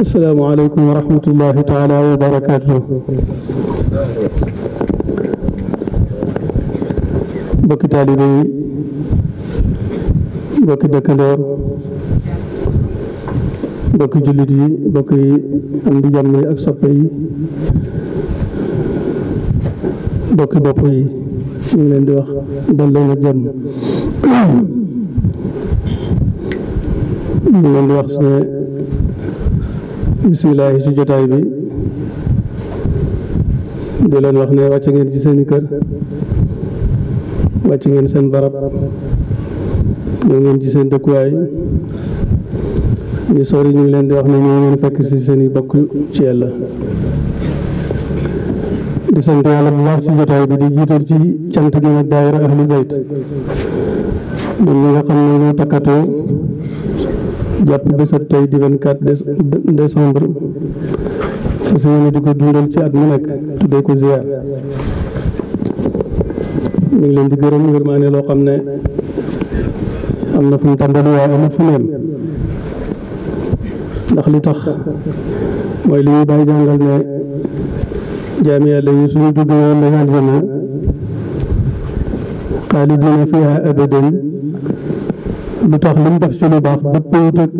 asalaamaaleykum wa rahmatullahi taala wa barakaatu. mbokki taalibe yi mbokki dëkkandoor mbokki jullit yi mbokki am di jàmm yi ak soppe yi mbokki bopp yi ñu ngi leen di wax dal leen ak jàmm ñu ngi leen di wax ne bisimilah ci jotaay bi di leen wax ne wàcc ngeen ci seeni kër wàcc ngeen seen barab ñoo ngeen ci seen dëkkuwaay ñu sori ñu ngi leen di wax ne ñoo ngeen fekk ci di sant yàlla bu baax ci jotaay bi di jiital ci cant gi nag daayira ahlu bayt ñun ñi nga xam ne ñoo takkatoo jàpp bésat tey di 24 décembre fas yéene di ko dundal ci at mu nekk tuddee ko ziar ñu ngi leen di gërëm ngir ne loo xam ne am na fum mu tàmbali waaye fu mu ndax li tax mooy li ñuy bàyyi jàngal ne jaami yàlla yi suñu dugg woon na yàlla na xaalidiina fiihaa abadan lu tax lu mu def ci lu baax dëppoowut ak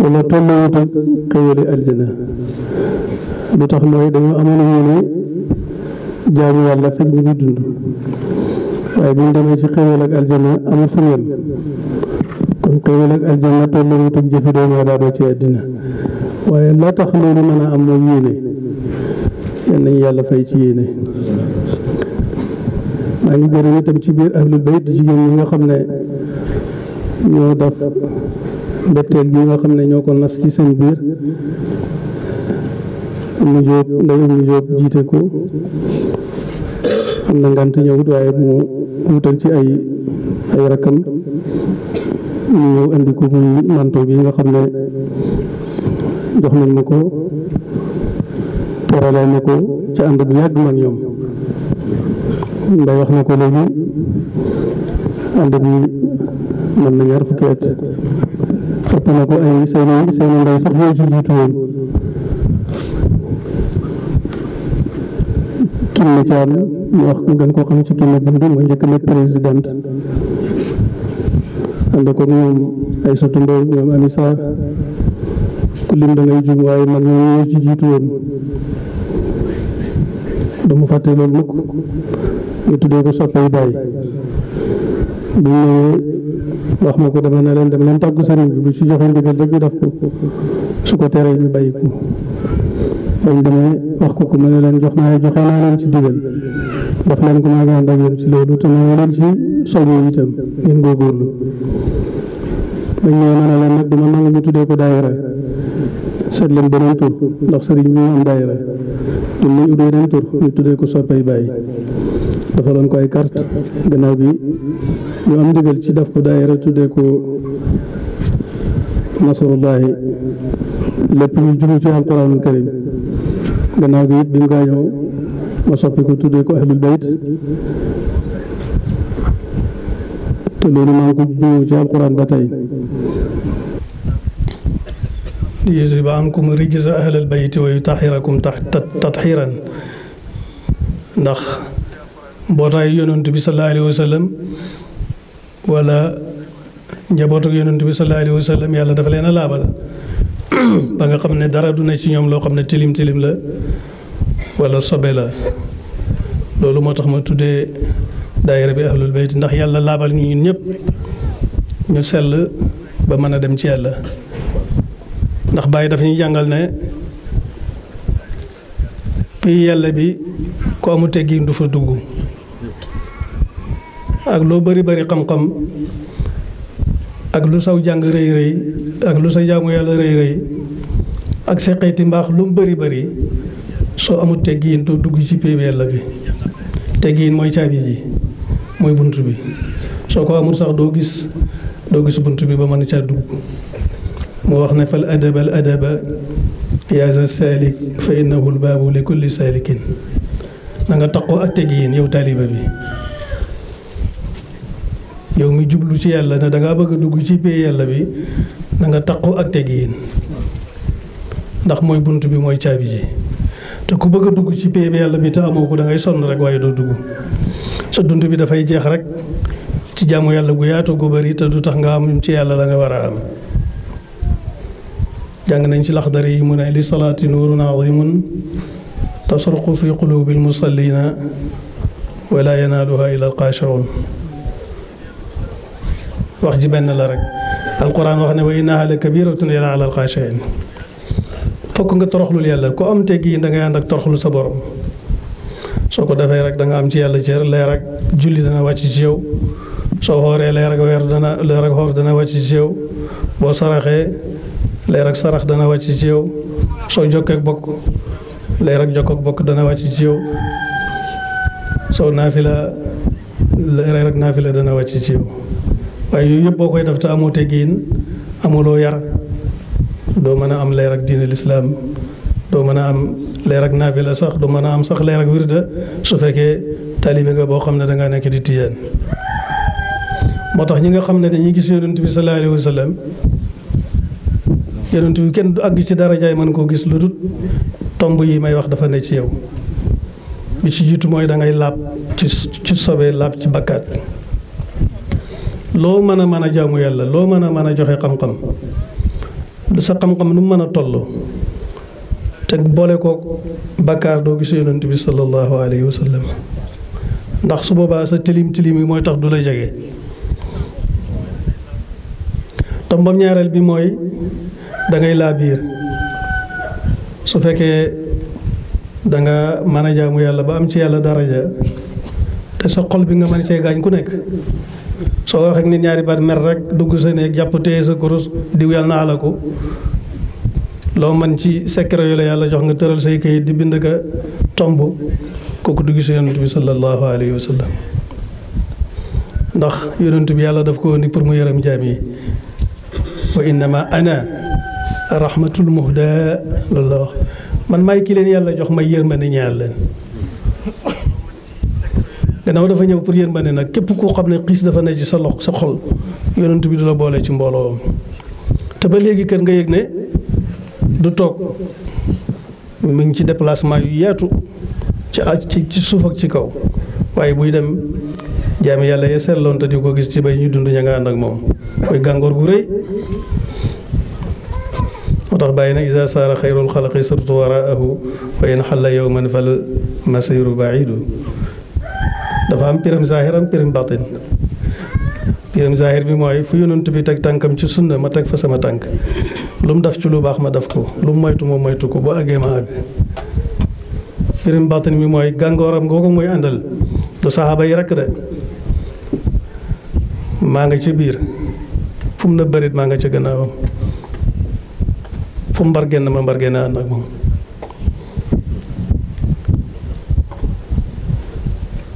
wala tolloowut ak xéwali aljana lu tax mooy dañoo amoon yéene jaamu yàlla fekk ñu ngi dund waaye bu demee ci xéwal ak aljana amul fu yem kon xéwal ak aljana tolloowut ak jëfi doomu aadama ci àddina waaye la tax loolu mën a am mooy yéene yal nañu yàlla fay ci yéene maa ngi gërëm itam ci biir ahlul bayt jigéen ñi nga xam ne ñoo def mbetteel gi nga xam ne ñoo ko nas ci seen biir mu jóob nday mu jóob jiite ko am na ngant ñëwut waaye mu wutal ci ay ay rakkam ñu ñëw indi ko muy manto bi nga xam ne jox nañ ma ko teralee ma ko ci ànd bu yàgg man ñoom nday wax na ko léegi ànd bi mën na ñaar fukki at ëpp na ko ay seen seen ndey sax ñoo ci jiitu woon kinne caam ñu wax gën koo xam ci kinne bind mooy njëkk nekk président ànd ko ñoom ay sotumbe ñoom amisa ku lim da ngay jum waaye mag ñoo ci jiitu woon dama fàtte loolu mukk ñu tuddee ko soppay baay bi ñu wax ma ko dama ne leen dem leen tàggu sëriñ bi bu ci joxe ndigal rek ñu def ko su ko teree ñu bàyyi ko bañ demee wax ko ko ma ne leen jox naa joxe naa leen ci digal def leen ko maa ngi ànd ak yéen ma ne leen nag nangu ñu tuddee ko daayira seet leen beneen tur ndax sëriñ bi am daayira ñun lañ ñu tuddee ko soppay bàyyi defaloon ko ay carte gannaaw gi نعم دغل شي داف كو دايره تودي كو نصر الله لي بي جوجو في القران الكريم غناو ييب بيم غايو ما صوبي كو تودي كو اهل البيت تولي ما كو جوجو في القران باتاي يجب انكم رجز اهل البيت ويطهركم تطهيرا نخ بوراي يونس بن صلى الله عليه وسلم wala njaboot ak yonent bi sallallahu alayhi wa yàlla dafa leen a laabal ba nga xam ne dara du ne ci ñoom loo xam ne tilim tilim la walla sobe la loolu moo tax ma tuddee daayira bi ahlul bayt ndax yàlla laabal ñu ñun ñëpp ñu sell ba mën a dem ci yàlla ndax bàyyi dafa ñuy jàngal ne pays yàlla bi ko amu teggin du fa dugg ak loo bari bari xam-xam ak lu saw jàng rëy rëy ak lu sa jaamu yàlla rëy rëy ak sa xeeti mbaax lu bari bari soo amul teggiin doo dugg ci péebi yàlla bi teggiin mooy caabi ji mooy bunt bi soo ko amul sax doo gis doo gis bunt bi ba mën caa dugg mu wax ne fal adaba al adaba yaa sa saalik fa innahu al baabu li saalikin na nga taqoo ak teggiin yow taaliba bi yow mi jublu ci yàlla ne dangaa bëgg a dugg ci pay yàlla bi na nga taqoo ak tegiin ndax mooy bunt bi mooy caabi ji te ku bëgg a dugg ci pay bi yàlla bi te amoo ko da ngay sonn rek waaye doo dugg sa dund bi dafay jeex rek ci jaamu yàlla gu yaatu gu bari te du tax nga am ci yàlla la nga war a am jàng nañ ci laxdari yi mu ne li salaati nuurun azimun tasruqu fi qulubi almusallina wala yanaaluha ila alqaashi'un wax ji benn la rek alquran wax ne wa innaha la kabiratun ila alal xaashiin fokk nga toroxlul yàlla ku am teggi da ngay ànd ak toroxlu sa borom soo ko defee rek da nga am ci yàlla cër leer ak julli dana wàcc ci yow soo xooree leer ak weer dana leer ak xoor dana wàcc ci yow boo saraxee leer ak sarax dana wàcc ci yow soo jokkee bokk leer ak jokk ak bokk dana wàcc ci yow soo naafila leer ak naafila dana wàcc ci yow waaye yooyu yëpp boo koy def te amoo teggiin amuloo yar doo mën a am leer ak diine lislaam doo mën a am leer ak naafila sax doo mën a am sax leer ak wirda su fekkee taalibe nga boo xam ne dangaa nekk di tiyaan moo tax ñi nga xam ne dañuy gis yonent bi sallallahu alayhi wa sallam yonent bi kenn du àgg ci darajaay mën koo gis lu dul tomb yi may wax dafa ne ci yow bi ci jiitu mooy dangay ngay ci ci sobee laab ci bakkaat lo mana mana jamu yalla lo mana mana joxe xam-xam sa xam-xam nu bakar tollu te bolé ko bakkaar do gis yonnati bi sallallahu alayhi wa sallam ndax su boba sa tilim tilim moy tax dula jégué tam bam ñaaral bi moy da ngay laa su fekke da nga mana jamu yalla ba am ci yalla daraja te sa xol bi nga man ci gañ ku nek soo wax ak nit ñaari baat mer rek dugg sa néeg jàpp téye sa kurus diw yàlla na ala ko loo man ci secret yu la yàlla jox nga tëral say kayit di bind ka tomb kooku dugg si yonent bi sallallahu alayhi wa sallam ndax yonent bi yàlla daf ko ni pour mu yërëm jaam yi wa innama ana rahmatul muhda loolu la wax man may kii leen yàlla jox may yërmande ñaar leen gannaaw dafa ñëw pour yeen bané nak képp ko xamné xiss dafa ne ci sa lox sa xol yonent bi dula bolé ci mbolo te ba légui kër nga yegg né du tok mi ngi ci déplacement yu yatu ci ci suuf ak ci kaw waye buy dem jami yalla ya seetloon te ko gis ci bay ñu dund ña nga ak mom mooy gangor gu reuy motax bayina iza na khairul khalqi sirtu waraahu wa in halla yawman fal masiru baidu dafa am piram zahir am piram batin piram zahir bi mooy fu yonent bi teg tànkam ci sunna ma teg fa sama tànk lu mu def ci lu baax ma def ko lu mu moytu ma moytu ko boo àggee ma àgg piram batin bi mooy gàngooram googu muy àndal du saxaaba yi rekk de maa nga ci biir fu mu na bërit maa nga ca gannaawam fu mu génn ma mbargeen ànd ak moom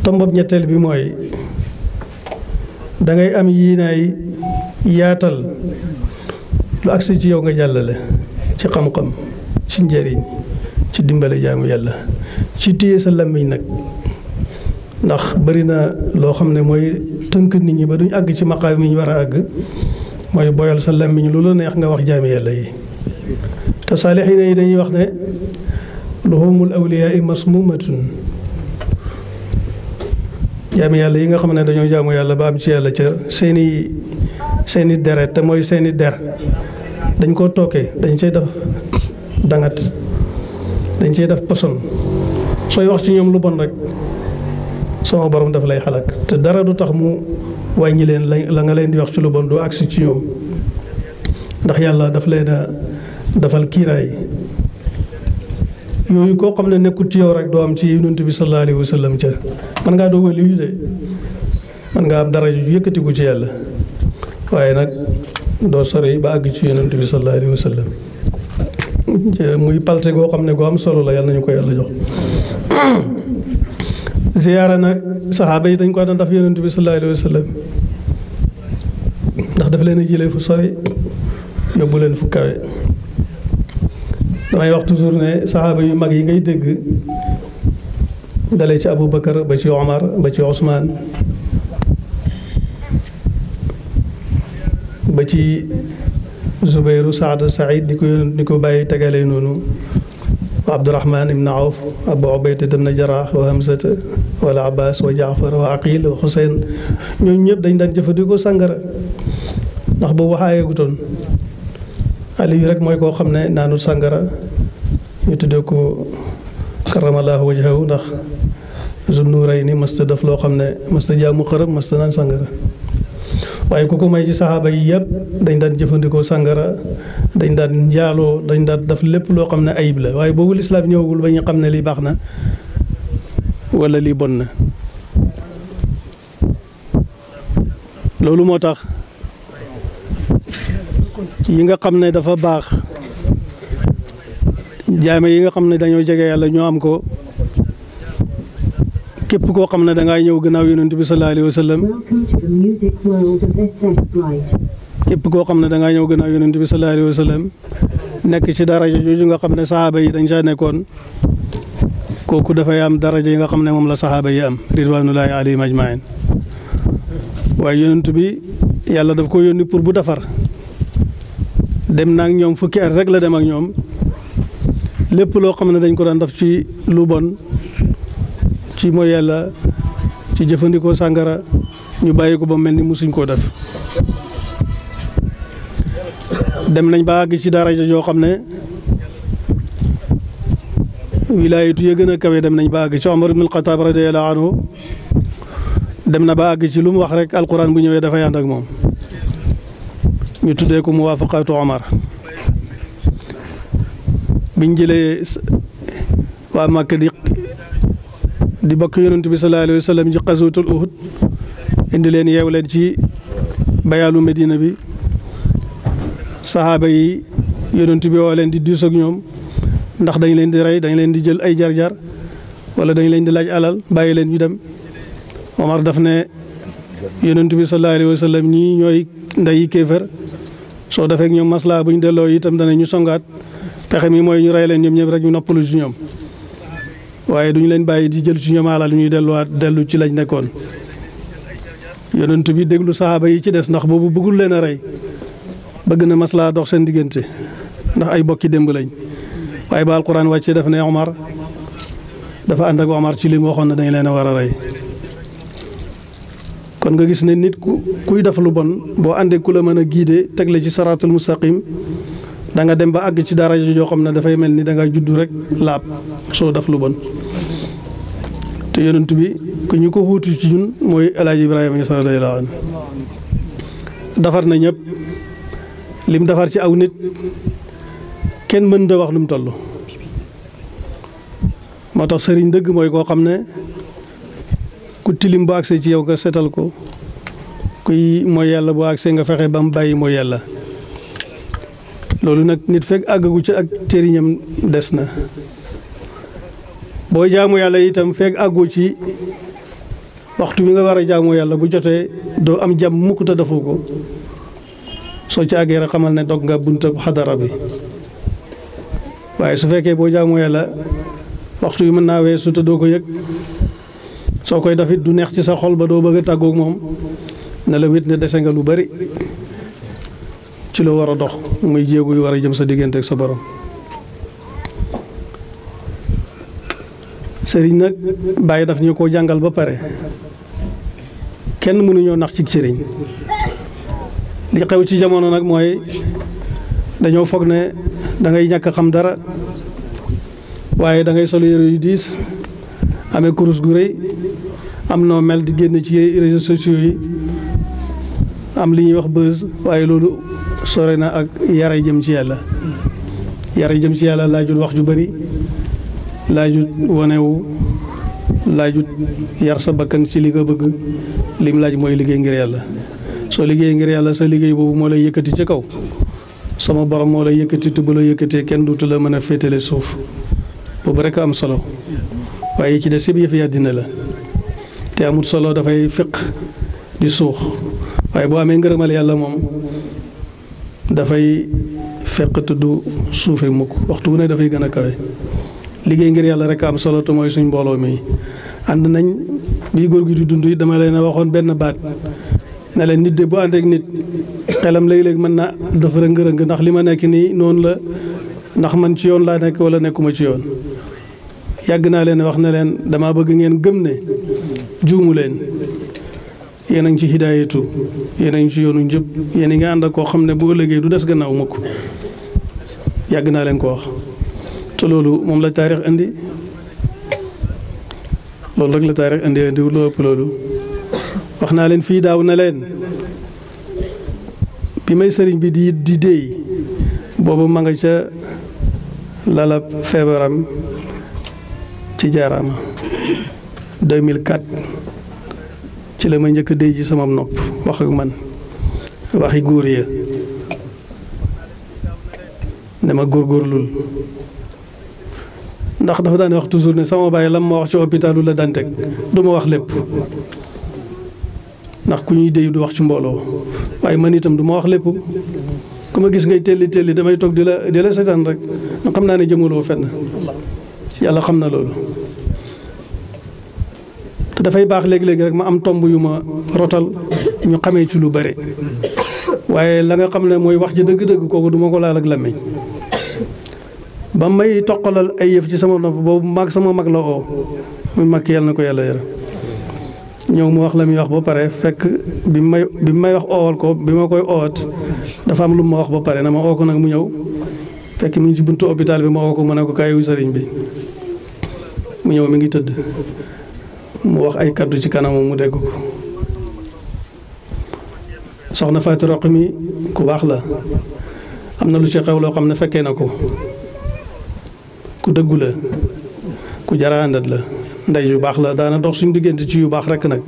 tombab ñetteel bi mooy dangay am yéenaay yaatal lu agsi ci yow nga jàllale ci xam-xam ci njëriñ ci dimbale jaamu yàlla ci téye sa làmmiñ nag ndax bari na loo xam ne mooy tënk nit ñi ba duñ àgg ci maqaam yi ñu war a àgg mooy boyal sa làmmiñ lu la neex nga wax jaami yàlla yi te saalixiina yi dañuy wax ne luhumul awliyaa masmuumatun jaami yàlla yi nga xam ne dañoo jaamu yàlla ba am ci yàlla cër seeni seeni deret te mooy seeni der dañ ko tookee dañ cay def dangat dañ cay def poson sooy wax ci ñoom lu bon rek sama borom daf lay xalak te dara du tax mu wàññi leen la nga leen di wax ci lu bon du agsi ci ñoom ndax yàlla daf leen a dafal kiiraay yooyu koo xam ne nekkul ci rek doo am ci yonent bi sallallahu alayhi wa sallam cër man ngaa doog a liyu de man ngaa am dara yu yëkkatiku ci yàlla waaye nag doo sori ba àgg ci yonent bi sallallahu alayhi muy palte goo xam ne goo am solo la yàlla nañu ko yàlla jox ziyaara nag saxaaba yi dañ ko daan daf yonent bi sallallahu alayhi ndax daf leen a fu sori yóbbu leen fu kawe damay wax toujours ne saxaaba yu mag yi ngay dégg dalee ci Abu Bakar ba ci Omar ba ci Ousmane ba ci Zubairu Saad Saïd di ko di ko bàyyi tegalee noonu Abdurahman ibn Awf Abu Ubayda ibn Jarrah wa Hamzata wala Abbas wa Jaafar wa Aqil wa Xuseyn ñooñu ñëpp dañ daan jëfandikoo sàngara ndax boobu waxaayegutoon Aliyu rek mooy koo xam ne naanul sàngara ñu tuddee ko karamallahu wajhahu ndax zunnuuray ni masta def loo xam ne masta jaamu xërëm masta naan sàngara waaye ku ko may ci saxaaba yi yëpp dañ daan jëfandikoo sàngara dañ daan njaaloo dañ daan def lépp loo xam ne ayib la waaye boobu lislaam ñëwagul ba ñu xam ne lii baax na wala lii bon na loolu moo tax yi nga xam ne dafa baax jaayma yi nga xam ne dañoo jege yàlla ñoo am ko képp koo xam ne da ngaa ñëw gannaaw yonent bi sallallahu alayhi wa sallam képp koo xam ne da ñëw gannaaw yonent bi sallallahu alayhi wa sallam nekk ci daraja jooju nga xam ne saxaaba yi dañ caa nekkoon kooku dafay am daraja yi nga xam ne moom la saxaaba yi am ridwanullahi alayhim ajmain waaye yonent bi yàlla daf ko yónni pour bu defar dem naag ñoom fukki at rek la dem ak ñoom lépp loo xam ne dañ ko daan def ci lu bon ci mooy yàlla ci jëfandikoo sàngara ñu bàyyi ko ba mel ni musuñ koo def dem nañ ba àgg ci daraja joo xam ne wilaayatu ya gën a kawe dem nañ ba àgg ci Omar ibn Xataab radiyallaahu anhu dem na ba àgg ci lu mu wax rek alquran bu ñëwee dafay ànd ak moom ñu tuddee ko muwaafaqatu Omar biñ jëlee waa Màkka di di bokk yonent bi sallallahu alayhi wa sallam ci xasuutul Uhud indi leen yeew leen ci bayaalu Medina bi saxaaba yi yonent bi woo leen di diis ak ñoom ndax dañ leen di rey dañ leen di jël ay jar-jar wala dañ leen di laaj alal bàyyi leen ñu dem Omar daf ne yonent bi sallallahu alayhi wa sallam ni ñooy ndeyi kéefër soo defee ñoom maslaa bu ñu delloo itam danañu songaat. pexe mi mooy ñu rey leen ñoom ñëpp rek ñu noppalu ci ñoom waaye duñu leen bàyyi di jël ci ñoom alal ñuy delluwaat dellu ci lañ nekkoon yonent bi déglu saxaaba yi ci des ndax boobu bëggul leen a rey bëgg na maslaa dox seen diggante ndax ay bokki démb lañ waaye ba alquran wàcce daf ne Omar dafa ànd ak Omar ci li mu waxoon ne dañ leen a war a rey kon nga gis ne nit ku kuy def lu bon boo àndee ku la mën a giidee teg la ci saraatul mustaqim danga dem ba àgg ci dara joo xam ne dafay mel ni da juddu rek laab soo def lu bon te yonent bi ku ñu ko wuutu ci ñun mooy El Hadj Ibrahima Niass radiyallaahu anhu defar na ñëpp lim defar ci aw nit kenn mën da wax lu mu toll. moo tax sëriñ dëgg mooy koo xam ne ku tilim bu àggsee ci yow nga setal ko kuy mooy yàlla bu àggsee nga fexe ba mu bàyyi mooy yàlla. loolu nag nit fekk àggagu ci ak tëriñam des na booy jaamu yàlla itam fekk àggu ci waxtu bi nga war a jaamu yàlla bu jotee doo am jàmm mukk te defoo ko soo ci àggee rek xamal ne dog nga buntab xadara bi waaye su fekkee boo jaamu yàlla waxtu bi mën naa weesu te doo ko yëg soo koy dafit du neex ci sa xol ba doo bëgg a moom ne la wét ne dese nga lu bari ci loo war a dox muy jéego yu war a jëm sa diggante ak sa borom sëriñ nag bàyyi daf ñu ko jàngal ba pare kenn mënuñoo nax ci sëriñ li xew ci jamono nag mooy dañoo foog ne da ngay ñàkk xam dara waaye da ngay sol yére yu diis amee kurus gu rëy am noo mel di génn ci réseaux sociaux yi am li ñuy wax buzz waaye loolu sore na ak yare jëm ci yàlla yare jëm ci yàlla laajut wax ju bari laajut wonewu laajut yar sa bakkan ci li nga bëgg lim laaj mooy liggéey ngir yàlla soo liggéey ngir yàlla sa liggéey boobu moo lay yëkkati ci kaw sama borom moo lay yëkkati te bu la yëkkatee kenn duutu la mën a féetale suuf boobu rek am solo waaye ci des yëpp yëfi la te amut solo dafay féq di suux waaye boo amee ngërëmal yàlla moom dafay feq tudd suufe mukk waxtu wu ne dafay gën a kawe liggéey ngir yàlla rek am solo te mooy suñ mbooloo mi ànd nañ bii góor gi di dund yi dama leen a waxoon benn baat ne leen nit de bu ànd ak nit xelam léeg-léeg mën na dafa rëng-rëng ndax li ma nekk nii noonu la ndax man ci yoon laa nekk wala nekkuma ci yoon yàgg naa leen wax ne leen dama bëgg ngeen gëm ne juumu leen yenañ ci hidayatu yenañ ci yoonu njub yéen nga and ak koo xam ne boo du dess gannaaw mukk yag na len ko wax te lolu mom la taarix andi lolu rek la taarix andi andi lu ëpp lolu wax na len fi daaw na len bi may sëriñ bi di di bobu ma nga ca ci 2004 ci la may njëkk a déy ji sama nopp wax ak man waxi góor ya ne góor góorgóorlul ndax dafa daan wax toujours ne sama bàyyi lam ma wax ci hôpitalu la daan teg du ma wax lépp ndax ku ñuy déy du wax ci mbooloo waaye man itam du ma wax lépp ku ma gis ngay telli telli damay toog di la di la seetaan rek nga xam naa ne jëmaloo fenn yàlla xam na loolu dafay baax léegi-léegi rek ma am tomb yu ma rotal ñu xamee ci lu bëri waaye la nga xam ne mooy wax ji dëgg-dëgg kooku duma ko laal ak làmmiñ ba may toqalal ay yëf ci sama nopp boobu mag sama mag la oo muy mag yàlla na ko yàlla yërëm ñëw mu wax la muy wax ba pare fekk bi may bi may wax oowal ko bi ma koy oowat dafa am lu ma wax ba pare na ma oo ko nag mu ñëw fekk mu ngi ci buntu hôpital bi ma oo ko ma ne ko kaayu sëriñ bi mu ñëw mi ngi tëdd mu wax ay kaddu ci kanamam mu dégg ko soxna Fatou Roq mi ku baax la am na lu ci xew loo xam ne fekkee na ko ku dëggu la ku jaraandat la ndey yu baax la daana dox suñu diggante ci yu baax rekk nag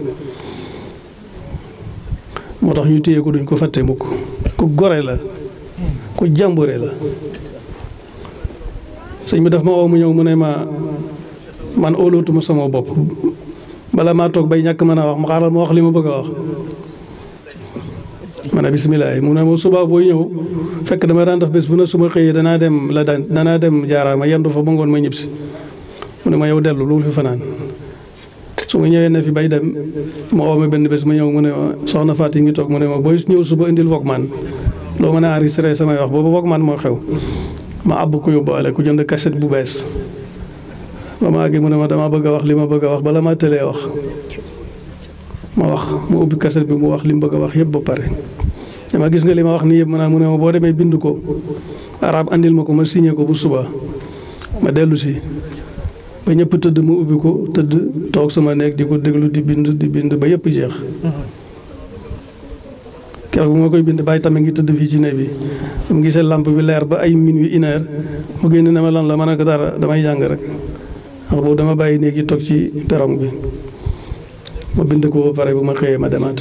moo tax ñu téye ko duñ ko fàtte mukk ku gore la ku jàmbure la sëñ bi daf ma woo mu ñëw mu ne ma man óolootuma sama bopp balaa maa toog bay ñàkk man a wax ma xaaral ma wax li ma bëgg a wax ma ne bisimilah mu ne ma suba booy ñëw fekk dama daan def bés bu ne su ma xëyee danaa dem la daan danaa dem jaaraama yendu fa ba ngoon ma ñibsi mu ne ma yow dellu loolu fi fanaan su ma ñëwee na fi bay dem ma oome benn bés ma ñëw mu ne ma soxna Fatou ngi toog mu ne ma booy ñëw suba indil Walkman loo mën a enregistré samay wax boobu Walkman moo xew ma àbb ko yóbbaale ku jënd cassette bu bees ba ma mu ne ma dama bëgg wax li ma bëgg lima wax bala ma tëlee wax ma wax ma ubbi kaset bi mu wax li mu bëgg wax yëpp ba pare dama ya, gis nga li ma wax nii yëpp ma mu ne ma boo demee bind ko arab andil ma ko ma signé ko bu suba ma dellu si ba ñëpp tëdd mu ubbi ko tëdd toog sama nek di ko déglu di bind di bind ba yëpp jeex kër bu ma koy bind bàyyi tamit ngi tëdd fii ci néeg bi mu gisee lampe bi leer ba ay minuit une heure mu génn ne ma lan la ma ne ko dara damay jàng rek ndax boobu dama bàyyi néeg yi toog ci perong bi ma bind ko ba bu ma xëyee ma demaat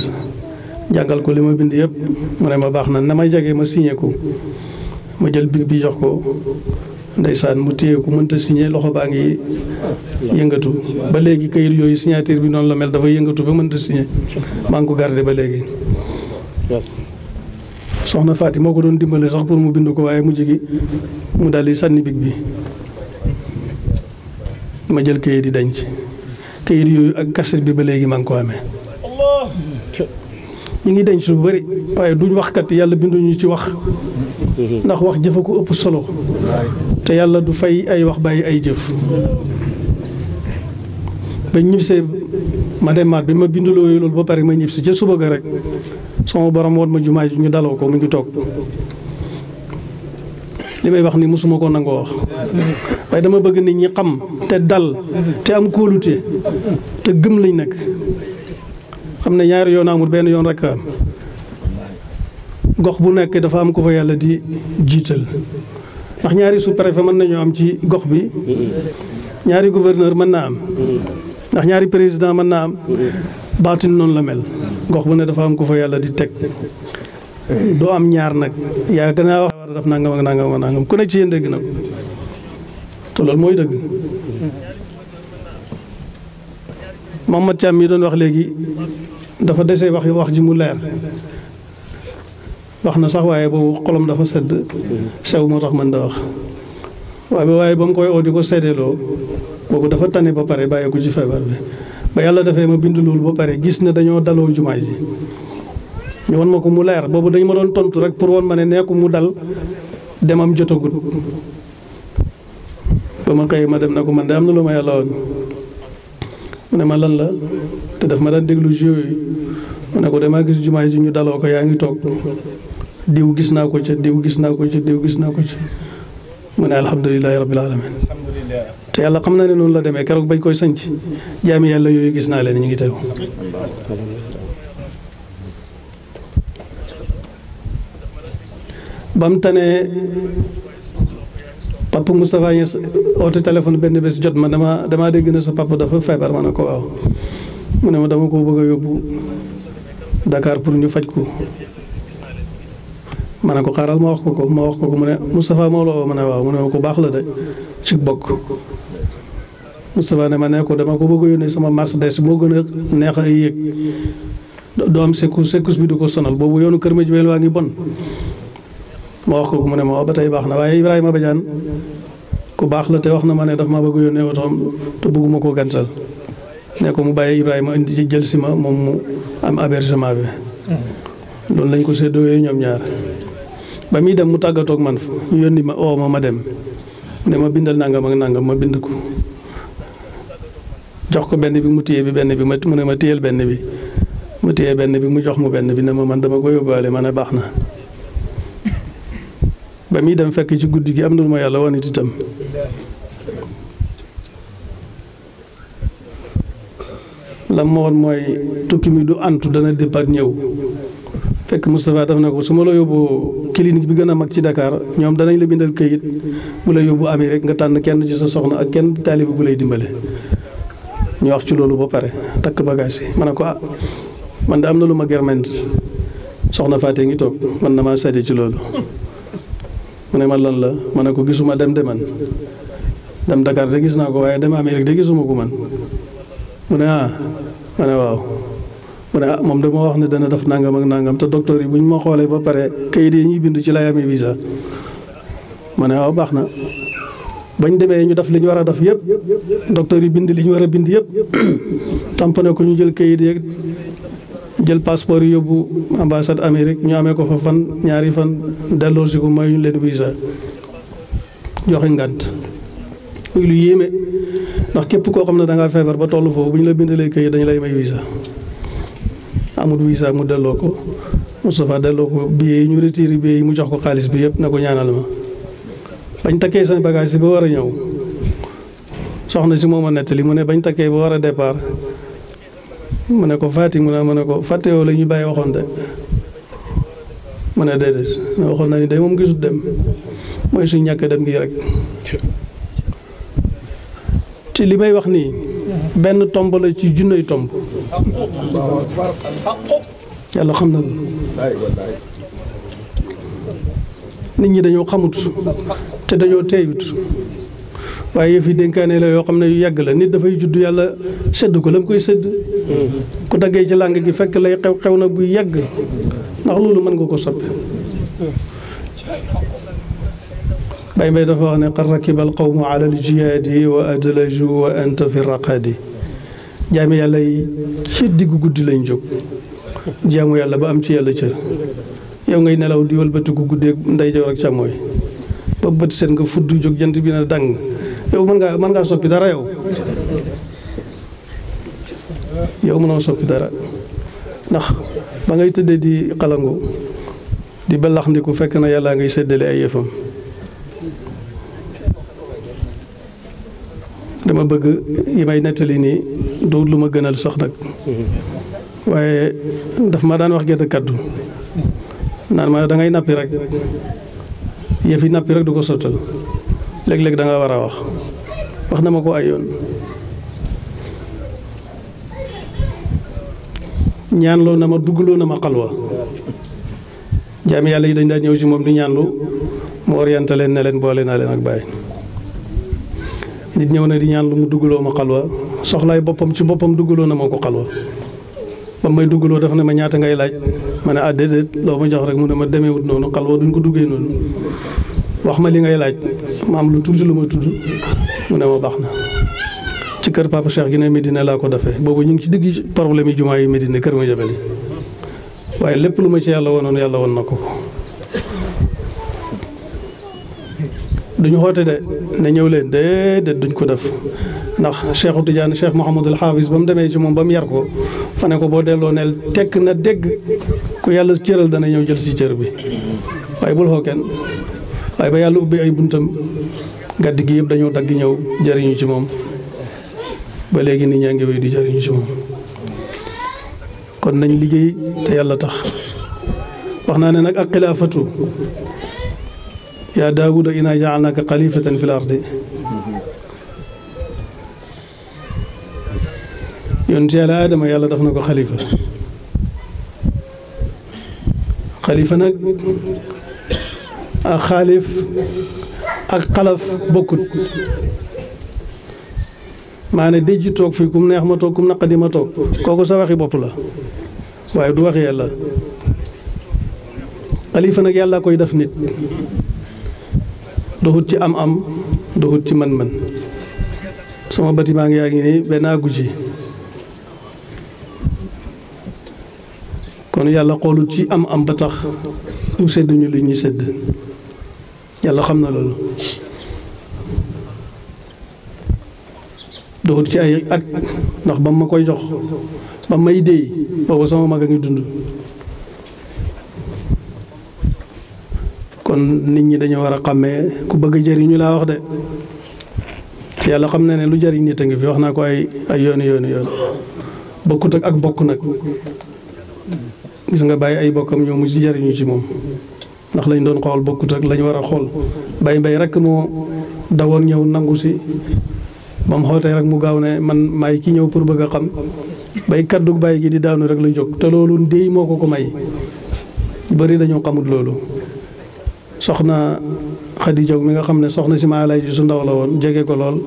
jàngal ko li ma bind yépp mu ne ma baax na na ma jege ma signé ko ma jël big bi jox ko ndeysaan mu téye ko mënta signé loxo baa ngi yëngatu ba léegi këyit yooyu signature bi noonu la mel dafa yëngatu ba mënta signé maa ko gardé ba léegi. soxna Faati moo ko doon dimbale sax pour mu bind ko waaye mujj gi mu daal di sànni big bi. ma jël kayit yi denc kayit yooyu ak kaset bi ba léegi maa ngi ko amee. mu ngi denc lu bari waaye duñ waxkat yàlla binduñu ci wax ndax wax jëfa ko ëpp solo te yàlla du fay ay wax bàyyi ay jëf ba ñibsee ma demaat bi ma binduloo loolu ba pare ma ñibsi ca suba ga rek sama borom woon ma jumaa ji ñu daloo ko mu ngi toog li may wax ni mosuma ko nangoo wax waaye dama bëgg nit ñi xam te dal te am kóolute te gëm lañ nekk xam ne ñaari yoon amul benn yoon rek am gox bu nekk dafa am ko fa yàlla di jiital ndax ñaari sous mën nañoo am ci gox bi ñaari gouverneur mën naa am ndax ñaari président mën naa am baatin noonu la mel gox bu ne dafa am ko fa yàlla di teg doo am ñaar nag yaa gën a wax na a def nangam ak nangam ak nangam ku nekk ci yéen dégg na ko te loolu mooy dëgg Mamadou Thiam mii doon wax léegi dafa dese wax wax ji mu leer wax na sax waaye boobu xolam dafa sedd sew moo tax mën da wax waaye waaye ba mu koy oo di ko seddeeloo boobu dafa tane ba pare bàyyeeku ci feebar bi ba yàlla defee ma bind loolu ba pare gis ne dañoo daloo jumaa ji ñu wan ma ko mu leer boobu dañu ma doon tontu rek pour wan ma ne nekku mu dal demam jotagut ba ma xëy ma dem na ko man de am na loo ma yàlla woon mu ne ma lan la te daf ma daan déglu jeux yi mu ne ko damaa gis jumaa ji ñu daloo ko yaa ngi toog diw gis naa ko ca diw gis naa ko ci diw gis naa ko ca mu ne alhamdulilahi rabbil alamin te yàlla xam naa ne noonu la demee keroog bañ koy sanc jaami yàlla yooyu gis naa leen ñu ngi teew ba mu tanee papa Moustapha Niass oote téléphone benn bés jot ma dama damaa dégg ne sa papa dafa feebar ma ne ko waaw mu ne ma dama ko bëgg a yóbbu Dakar pour ñu faj ko ma ne ko xaaral ma wax ko ko ma wax ko ko mu ne Moustapha moo la ma ne waaw mu ne ma ko baax la de ci bokk Moustapha ne ma ne ko dama ko bëgg a yónnee sama Mercedes moo gën a neex a yéeg doom secours secours bi du ko sonal boobu yoonu kër ma jibeel waa ngi bon mo wax ko mu ne mo ba tay baxna waye Ibrahima Badiane ku bax la te waxna mané ma daf ma bëgg yónnee wotoom te bëgguma koo gantal ne ko mu baye Ibrahima indi jël sima mom mu am hébergement bi hmm. loolu lañ ko séddoowee ñom ñaar ba mi dem mu man fu yoni ma o ma ma dem ne ma bindal nangam ak nangam ma bind ko jox ko benn bi mu tiyé bi benn bi ma mu ne ma tiyel benn bi mu tiyé benn bi mu jox mu benn bi ne ma man dama ko yobale mané baxna ba mi dem fekk ci guddi gi am na itu ma yàlla wane la ma woon mooy tukki mi du antu dana départ ñëw fekk Moustapha daf na ko su ma la yóbbu clinique bi gën a mag ci Dakar ñoom danañ la bindal këyit bu la yóbbu amee rek nga tànn kenn ci sa soxna ak kenn talib bu lay dimbale ñu wax ci loolu ba pare takk bagage yi ma ne ko ah man de am na lu ma soxna Faté ngi toog man na maa ci loolu mané ne lan la mané ko gisuma dem deman dem Dakar de gis naa ko waaye dem amerique de gisuma ko man mané ne ah ma ne waaw ah dama wax ni dana def nangam ak nangam te docteur yi buñ ma xolé ba pare kayit yi ñi bind ci lay visa mané waw baxna na bañ démé ñu def liñ wara war a def yëpp docteur yi bind liñ wara a bind yépp tamponné ko ñu jël kayit jël passeport yi ambassade Amérique ñu amé ko fa fan ñaari fan delloo ko leen visa joxe ngant muy lu yéme ndax képp ko xamna da nga feebar ba tollu buñ la bindalé kay dañ lay may visa amul visa mu delloo ko Moustapha delloo ko bi ñu retiri bi mu jox ko xaliss bi yépp na ñaanal ma bañ takkee seen bagage bi wara ñew soxna ci moma netti mu né bañ wara départ mu ne ko Fatick mu ne mu ne ko fàtte yow la ñuy bàyyi waxoon de mu ne déedéet waxoon nañu de moom gisut dem mooy suñ ñàkk dem gi rek ci li may wax nii benn tomb la ci junney tomb yàlla xam na nit ñi dañoo xamut te dañoo teeyut waaye yëf yi yoo xam ne yu yàgg la nit dafay juddu yàlla sedd ko la mu koy sedd ku daggee ci làng gi fekk lay xew xew na buy yàgg ndax loolu mën nga ko soppi Baye Mbaye dafa wax ne qad rakiba alqawmu ala aljihaadi wa adlaju wa guddi lañ jóg jaamu yàlla ba am ci yàlla yow ngay nelaw di walbatiku guddee ndeyjoor ak càmmooy ba bët nga fudd jóg jant bi na dàng yow man ga man ga sopi dara yow man ga sopi dara Nah, ba ngay di xalangu di balax ndiku fekk na yàlla ngay séddale ay yëfam dama bagu yi ina tali ni do lu ma gënal sax nag Wae daf ma daan wax genn kàddu Nan ma dan ngay nappi pirak. yëfi nappi pirak du ko sotel. dan ga wara wax na ma ko ay yoon na ma duggloo na ma xalwa jaami yàlla yi dañ daan ñëw ci moom di ñaanlu mu orienté leen ne leen boole naa leen ak bàyyi nit ñëw na di ñaanlu mu duggloo ma xalwa soxlaay boppam ci boppam duggloo na ma ko xalwa ba may duggloo dafa ne ma ñaata ngay laaj ma ne ah lo ma jox rek mu ne ma demeewut noonu xalwa duñ ko duggee noonu wax ma li ngay laaj ma am lu tuuti lu ma tuju. mu ne ma baax na ci kër papa Cheikh gi ne Medina laa ko defee boobu ñu ngi ci digg problème yi jumaa yi Medina kër ma jabali waaye lépp lu ma ci yàlla wonoon yàlla woon na ko ko duñu xoote de ne ñëw leen déedéet duñ ko def ndax Cheikhu Tidiane Cheikh Mouhamadul Hafiz ba mu demee ci moom ba mu yar ko fa ne ko boo delloo neel tekk na dégg ku yàlla cëral dana ñëw jël si cër bi waaye bul xoo kenn waaye ba yàlla ubbi ay buntam gàdd gi yëpp dañoo dagg ñëw jariñu ci moom ba léegi nit ñaa ngi wéy di jariñu ci moom kon nañ liggéey te yàlla tax wax naa ne nag ak xilaafatu yaa daawuda inaa jaalnaka xalifatan fi l ardi yonent yàlla aadama yàlla daf na ko xalifa xalifa nag ak xaalif ak xalaf bokkut maa ne déjji toog fii kum neex ma toog kum naqadi ma toog kooku sa waxi bopp la waaye du wax yàlla xalifa nag yàlla koy def nit doxut ci am-am doxut ci man-man sama maa ngi yaa ngi nii benn àggu ci kon yàlla xoolul ci am-am ba tax mu sedd ñu li ñuy sedd yàlla xam na loolu doxut ci ay at ndax ba ma koy jox ba may déy boobu sama mag a ngi dund kon nit ñi dañu war a xàmmee ku bëgg jëriñu laa wax de yàlla xam na ne lu jëriñ nit a ngi fi wax naa ko ay ay yoonu bokkut ak ak bokk nag gis nga bàyyi ay bokkam ñoo mujj jëriñu ci moom ndax lañ doon xol bokut ak lañ wara xol bay bay rek mo dawon ñew nangusi si xote rek mu gaaw ne man may ki ñew pour bëgg xam bay kaddu bay gi di daanu rek la jóg te lolu ndey moko ko may bari dañu xamut lolu soxna khadija mi nga xamne soxna si maa lay ci su ndaw la won jégué ko lool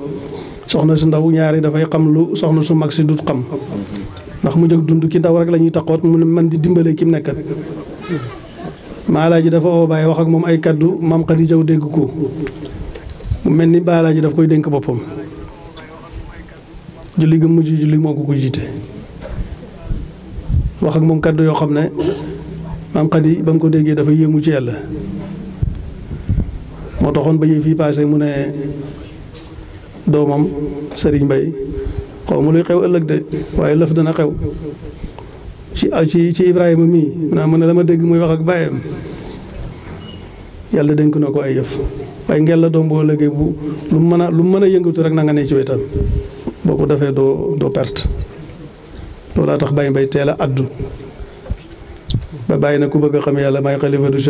soxna su ndaw ñaari fay xam lu soxna su mag dut xam ndax mu jog dundu ki ndaw rek lañuy taxot mu man di dimbalé kim nekkat maalaaji dafa oo wax ak moom ay kaddu maam yi jaw dégg ko mu mel ni baalaaji daf koy dénk boppam julli ga mujj julli moo ko ko jiite wax ak moom kaddu yoo xam ne maam yi ba mu ko déggee dafa yéemu ci yàlla moo taxoon ba yëf yi passé mu ne doomam sëriñ mbay xaw ma luy xew ëllëg de waaye lëf dana xew ci ci ci Ibrahima mii maanaam man la dama dégg muy wax ak bàyyam yàlla dénk na ko ay yëf waaye ngel la doom boo liggéey bu lu mën a lu mën a yëngatu rek na ne ci wetam boo ko defee doo doo perte loolaa tax bàyyi mbay teel a addu ba na ku bëgg a xam yàlla may xalifa du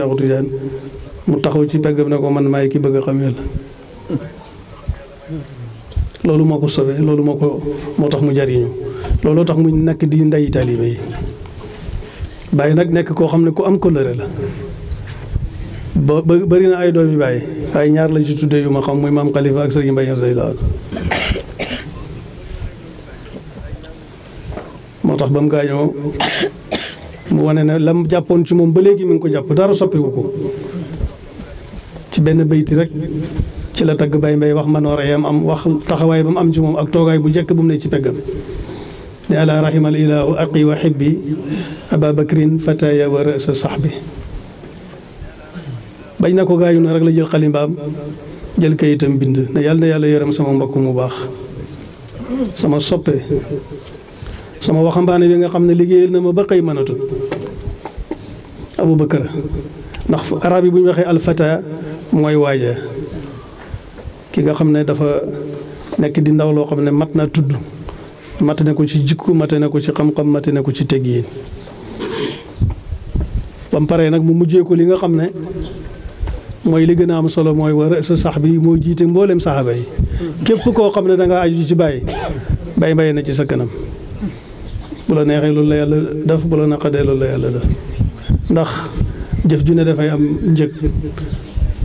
mu taxaw ci peggam ne ko man maay ki bëgg xam yàlla loolu moo ko sauvé loolu moo ko moo tax mu jariñu looloo tax mu nekk di ndeyi taalibe yi bàyyi nag nekk koo xam ne ku am kóllëre la boo ba bëri na ay doomi bàyyi ay ñaar lañ ci tuddee yu ma xam muy maam Khalifa ak Serigne Mbaye Niass la moo tax ba mu gaañoo mu wane ne lam jàppoon ci moom ba léegi mu ngi ko jàpp dara soppiwu ko ci benn bayti rek ci la tagg bay Mbaye wax manoore yam am wax taxawaay ba mu am ci moom ak toogaay bu njëkk bu mu ne ci peggam di ala rahimal ilaahu aqi wa xibbi aba bakrin fataya wa rasa saxbi bañ na ko gaayu na rek la jël xalimbaam jël kayitam bind na yàlla na yàlla yërëm sama mbokk mu baax sama soppe sama waxambaane bi nga xam ne liggéeyal na ma ba xëy mënatut Abubakar ndax arab yi bu ñu waxee alfata mooy waaja ki nga xam ne dafa nekk di ndaw loo xam ne mat naa tudd mate na ko ci jikko mate na ko ci xam-xam mate na ko ci teggiin ba mu paree nag mu mujjee ko li nga xam ne mooy li gën a am solo mooy war sa sax bi moo jiite mboolem saxaaba yi képp koo xam ne da ngaa aju ci bàyyi bay bay na ci sa kanam bu la neexee loolu la yàlla def bu la naqadee loolu la yàlla def ndax jëf ju ne dafay am njëg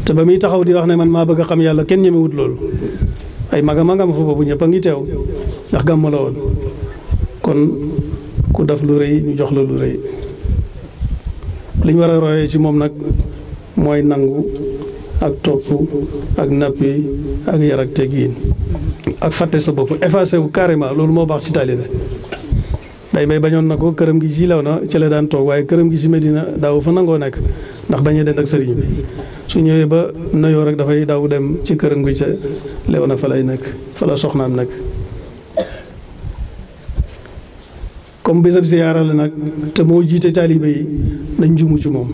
te ba muy taxaw di wax ne man maa bëgg a xam yàlla kenn ñemewut loolu ay magam a nga fa boobu ñëpp a ngi teew ndax gàmm la woon kon ku def lu rëy ñu jox la lu rëy li war a royee ci moom nag mooy nangu ak topp ak nappi ak yar ak teggiin ak fàtte sa bopp effacé wu carrément loolu moo baax ci taalibe day may bañoon na ko këram gi ci law na ci la daan toog waaye këram gi ci Medina daaw fa nangoo nekk ndax bañee dem ak sëriñ bi su ñëwee ba nuyoo rek dafay daaw dem ci këram gi ca lew na fa lay nekk fa la soxnaam nekk comme bésab ziyaara la nag te moo jiite taalibe yi nañ jumu ci moom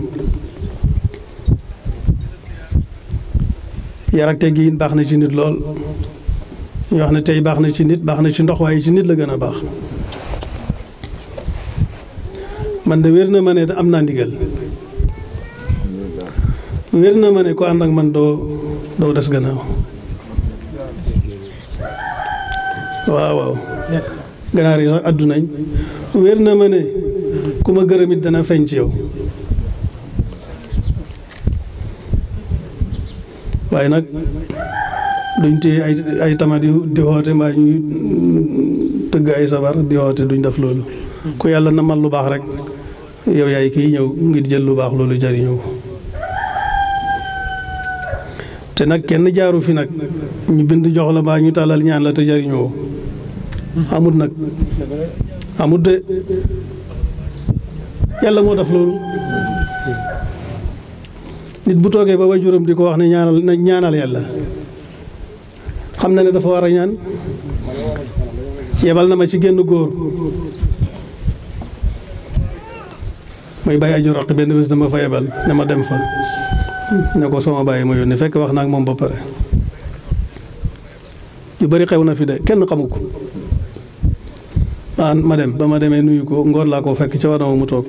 yar ak teggin baax na ci nit lool ñu wax ne tey baax na ci nit baax na ci ndox waaye ci nit la gën a baax man de wér na ma ne am naa ndigal wér na ma ne ko ànd ak man doo doo des gannaaw waaw waaw. ganaar yi sax addu nañ wér na ma ne ku ma gërëm it dana feeñ ci yow waaye nag duñ téye ay ay tama mbaa ñuy mm, tëgg ay sabar di duñ def loolu ku yàlla na mal lu baax rek yow yaay kii ñëw ngir jël lu baax loolu jariñoo ko te nag kenn jaaru fi nag ñu bind jox la mbaa ñu tàllal ñaan la te jariñoo amut nak, amut de yalla mo def lolou nit bu toge ba wajuram di wax ne ñaanal na ñaanal yalla xamna ne dafa wara ñaan yebal na ma ci génn góor may baye ju roq ben wess dama fa yebal ma dem fa ne ko sama ma mo yoni fekk wax nak mom ba pare yu bari xewna fi de kenn xamuko an ma dem ba ma demee nuyu ko ngoon laa ko fekk ca war mu toog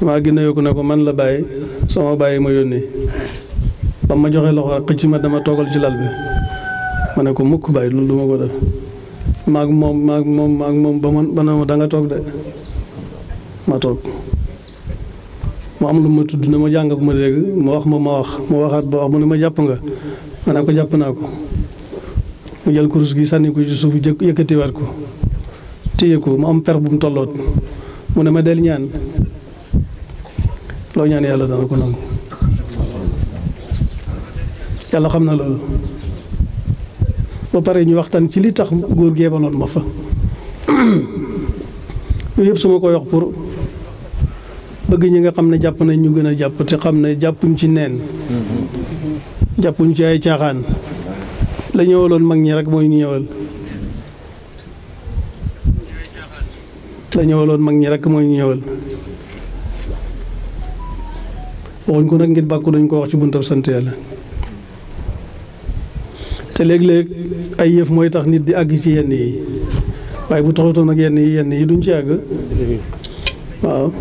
maa ngi nuyu ne ko man la bàyyi sama bàyyi ma yónnee ba ma joxee loxo rek xëcc ma dama toogal ci lal bi ma ne ko mukk bàyyi loolu du ma ko def maag moom maag moom maag moom ba man ba toog de ma toog mu am lu ma tudd ne ma jàng ma dégg mu wax ma ma wax mu waxaat ba wax mu ne ma jàpp nga ma ne ko jàpp naa ko mu jël kurus gi sànni ko ci suuf yëkkatiwaat ko téye ko am per bu mu tolloot mu ne ma del ñaan lo ñaan yalla da ko nang yalla xamna lool loolu ba pare ñu waxtan ci li tax goor gi ma fa yu yeb suma ko yox pour bëgg ñi nga xamne japp nañ ñu gëna japp te xamne jappuñ ci neen mm-hmm. jappuñ ci ay caaxaan la ñëwaloon mag ñi rek moy ñëwal la ñëwaloon mag ñi rek mooy ñëwal waxuñ ko nag ngir bàkku dañ ko wax ci buntab sant yàlla te léeg-léeg ay yëf mooy tax nit di àgg ci yenn yi waaye bu taxutoon ak yenn yi yenn yi duñ ci àgg waaw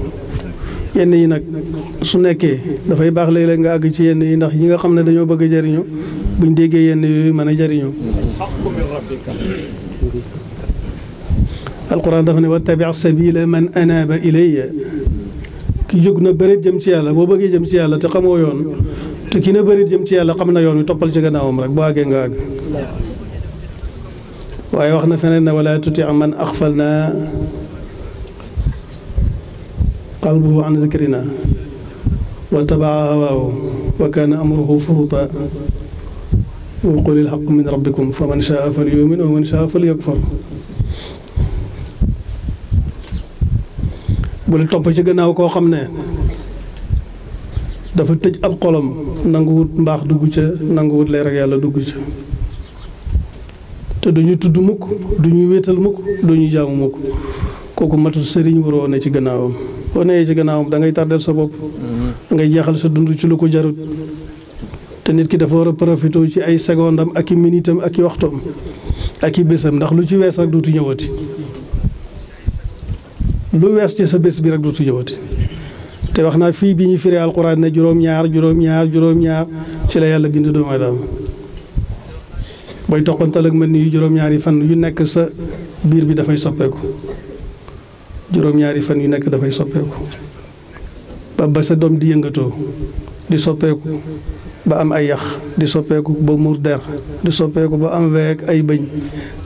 yenn yi nag su nekkee dafay baax léeg-léeg nga àgg ci yenn yi ndax yi nga xam ne dañoo bëgg jëriñu buñ déggee yenn yooyu mën a jariñu القران دفن واتبع السبيل من اناب الي كي جوغنا بريد جيم سي الله بو بغي جيم الله تخمو يون تي بريد جيم سي الله خمنا يون توبال سي غناوم رك باغي غاغ واي واخنا فنن ولا تطع من اغفلنا قلبه عن ذكرنا واتبع هواه وكان امره فرطا وقل الحق من ربكم فمن شاء فليؤمن ومن شاء فليكفر bu leen topp ci gannaaw koo xam ne dafa tëj ab xolam nanguwut mbaax dugg ca nanguwut leer ak yàlla dugg ca te duñu tudd mukk du duñu wéetal mukk duñu jaamu mukk kooku matul sëriñ waroo ne ci gannaawam boo nee ci gannaawam da ngay tardel sa bopp da ngay jeexal sa dund ci lu ko jarut te nit ki dafa war a profité ci ay segondam ak i minitam ak i waxtoom ak i bésam ndax lu ci wees rek dootu ñëwati lu wees ci sa bés bi rek du tujjawati te wax naa fii bi ñu firee alquran ne juróom-ñaar juróom-ñaar ci la yàlla bind doomu aadama booy toqantal ak mën ni juróom-ñaari fan yu nekk sa biir bi dafay soppeeku juróom-ñaari fan yu nekk dafay soppeeku ba ba doom di yëngatoo di soppeeku ba am ay yax di soppeeku ba muur der di soppeeku ba am wee ak ay bëñ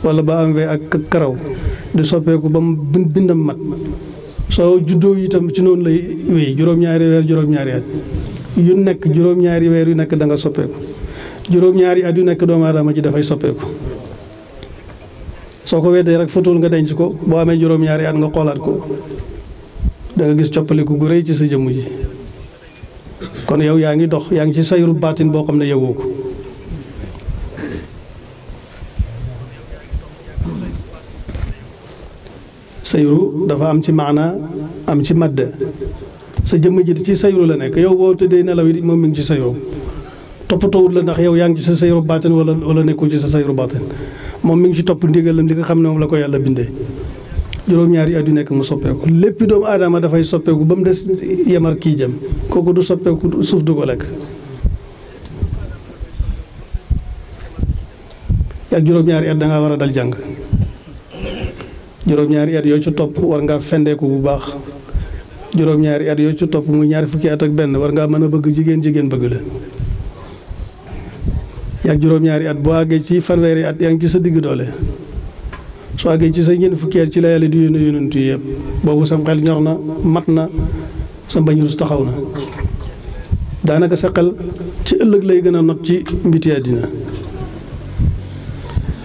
walla ba am wee ak karaw di soppeeku ba mu bindam mat soo juddoo itam ci noonu lay wéy juróom-ñaari weer juróom-ñaari at yu nekk juróom-ñaari weer yu nekk danga nga soppeeku juróom-ñaari at yu nekk doomu aadama ji dafay soppeeku soo ko weddee rek fotul nga denc ko boo amee juróom-ñaari at nga xoolaat ko da gis coppaliku gu rëy ci sa jëmm ji kon yow yaa ngi dox yaa ngi ci sayru baatin boo xam ne yowoo ko sayru dafa am ci maana am ci madd sa jëmm ji di ci sayru la nekk yow boo tëddee nelaw it moom mi ngi ci sayru toppatoowut la ndax yow yaa ngi ci sa sayru baatin wala wala nekkoo ci sa sayru baatin moom mi ngi ci topp ndigalam li nga xam ne moom la ko yàlla bindee juróom-ñaari at yu nekk mu soppeeku léppi doomu aadama dafay soppeeku ba mu des yemar kii jëm kooku du soppeeku suuf du ko lekk ak juróom-ñaari at da ngaa war a dal jàng jurom ñaari at yo ci top war fende ko bu baax jurom ñaari at yo ci top muy ñaari fukki at ak ben war nga mën bëgg jigen jigen bëgg la yak jurom ñaari at bo àggee ci fanweeri at yang ci sa digg doole so ci sa ñeent fukki at ci la yalla di yoonu yónnantu yeb bobu sam xel ñorna na mat na sa taxawna danaka na sa xel ci ëlëk lay gëna not ci mbiti adina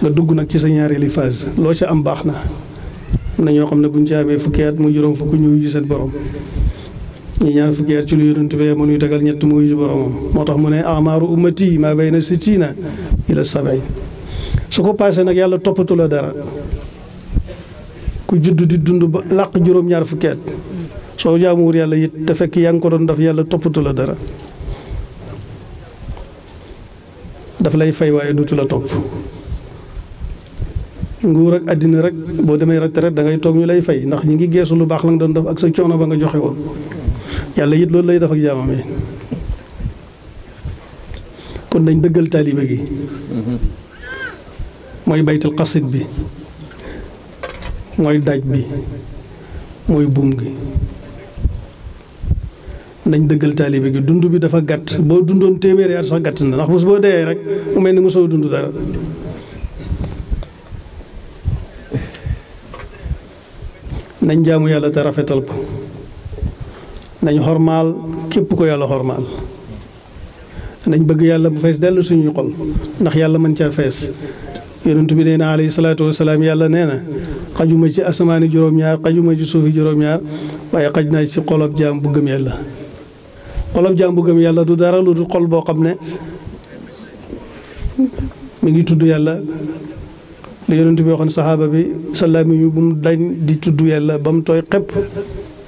nga dugg nak ci sa li phase lo ci am baxna am na ñoo xam ne buñ ci amee fukki at muy juróom fukk ñu ju seen borom ñu ñaar fukki at ci lu yonent bi mënuy tegal ñett mu wuyu boromam moo tax mu ne amaaru ummati maa bay na si sittina la sabain su ko paasee nag yàlla toppatu la dara ku judd di dund ba làq juróom-ñaar fukki at soo jaamuwul yàlla it te fekk yaa ngi ko doon def yàlla toppatu la dara daf lay fay waaye duutu la topp nguur ak àddina rek boo demee retraite da ngay toog ñu lay fay ndax ñu ngi geesu lu baax la nga doon def ak sa coono ba nga joxe woon yàlla it loolu lay def ak jaamam yi kon nañ dëggal taalibe gi mooy baytul xasit bi mooy daaj bi mooy buum gi nañ dëggal taalibe gi dund bi dafa gàtt boo dundoon téeméeri at sax gàtt na ndax bés boo dee rek mu mel ni mosoo dund dara nañ jaamu yàlla te rafetal ko nañ hormal. képp ko yàlla xormaal nañ bëgg yàlla bu fees dellu suñu xol ndax yàlla mën caa fees yonent bi nee alayhi salaatu wasalaam yàlla nee na xajuma ci asamaani juróom-ñaar xajuma ci suufi juróom-ñaar waaye xaj naa ci xolob jaam bu gëm yàlla xolob jaam bu gëm yàlla du dara lu xol boo xam ne mi ngi tudd yàlla li yonent bi waxoon saxaaba bi salaam yu bu mu dañ di tudd yàlla ba mu tooy xepp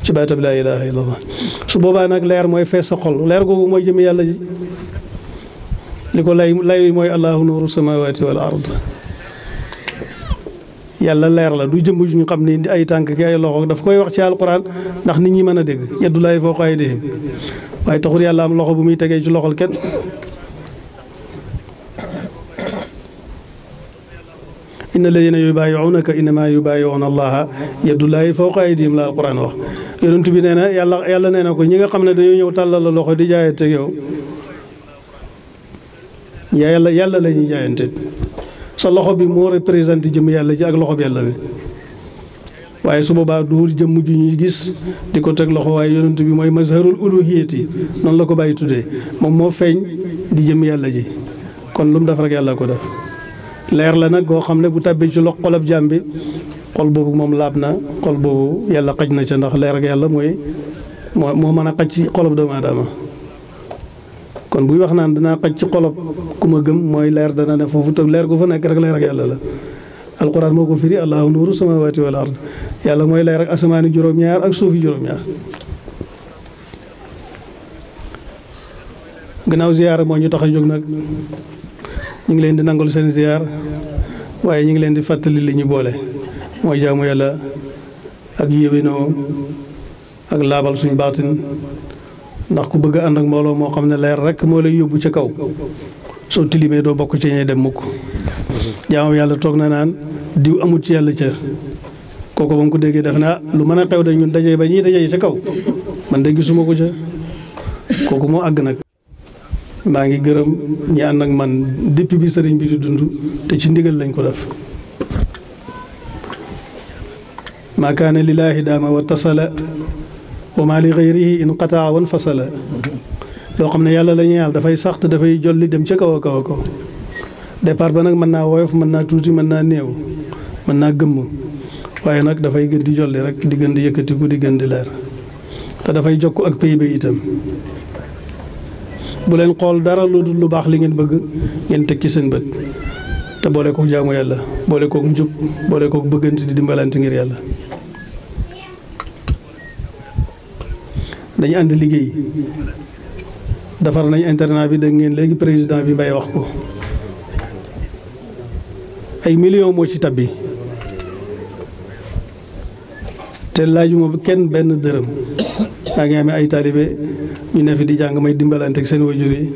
ci baatab laa ilaaha illallah su boobaa nag leer mooy fees sa xol leer googu mooy jëmi yàlla ji lay mooy allahu nuuru samaawaati leer la du jëmb ju ñu xam ni ay tànk ki ay loxo daf koy wax ci alquran ndax ni ñi mën a dégg yaddu laay foo ko ay déhim waaye taxul yàlla am loxo bu muy tegee ci loxol kenn inna alladina yubaayiunaka innama yubaayiuna allaha yadullahi fawqa aydihim la alquran wax bi nee na yàlla yàlla nee na ko ñi nga xam ne dañoo ñëw tàllal la loxo di jaayante yow yaa yàlla yàlla la ñuy jaayante sa loxo bi moo représenté jëm yàlla ji ak yàlla bi waaye su boobaa duur jëmm ju ñuy gis di ko teg loxo waaye yonent bi mooy mazharul uluhiyati noonu la ko bàyyi tuddee moom moo feeñ di jëmm yàlla ji kon lu mu def rek yàlla ko def leer la nag goo xam ne bu tàbbee ci lox xolab jaam bi xol boobu moom laab na xol boobu yàlla xaj na ca ndax leer ak yàlla mooy moo moo mën a xaj ci xolab doomu kon buy wax naan danaa xaj ci xolob ku ma gëm mooy leer dana ne foofu te leer ko fa nekk rek leer ak yàlla la alquran moo ko firi allahu nuuru samawati wal ard yàlla mooy leer ak asamaani juróom-ñaar ak suufi juróom-ñaar gannaaw ziyaara moo ñu tax a jóg nag ñu ngi leen di nangul seen ziar waaye ñu ngi leen di fàttali li ñu boole mooy jaamu yàlla ak yéwénoo ak laabal suñu baatin ndax ku bëgg ànd ak mbooloo moo xam ne leer rek moo lay yóbbu ca kaw soo tilimee doo bokk ci ñuy dem mukk jaamu yàlla toog na naan diw amut ci yàlla ca kooku ba mu ko déggee def na ah, lu mën a xew de ñun dajee ba ñuy dajee ca kaw man de gisuma ko ca kooku moo àgg maa ngi gërëm ñi ànd ak man depuis bi sëriñ bi di dund te ci ndigal lañ ko def maa kaana lillaahi daama wa tasala wa maa li xayrihi in qataa wan fasala loo xam ne yàlla la yàlla dafay sax te dafay jolli dem ca kaw a kaw a kaw départ ba nag mën naa woyof mën naa tuuti mën naa néew mën naa gëmm waaye nag dafay gën di jolli rek di gën di yëkkatiku di gën di leer te dafay jokk ak pay ba itam bu len xol dara lu baklingin lu bax li ngeen bëgg ngeen teg ci seen bëtt te boole kook jaamu yàlla boole ko njub boole ko bëggante di dimbalante ngir yalla dañu and liggéey dafar nañ internet bi de ngeen léegi président bi mbay wax ko ay millions mo ci tabbi te laajuma kenn ben deureum daa ngi am ay talibé ñu ne fi di jàng may dimbalante ak seen wajur yi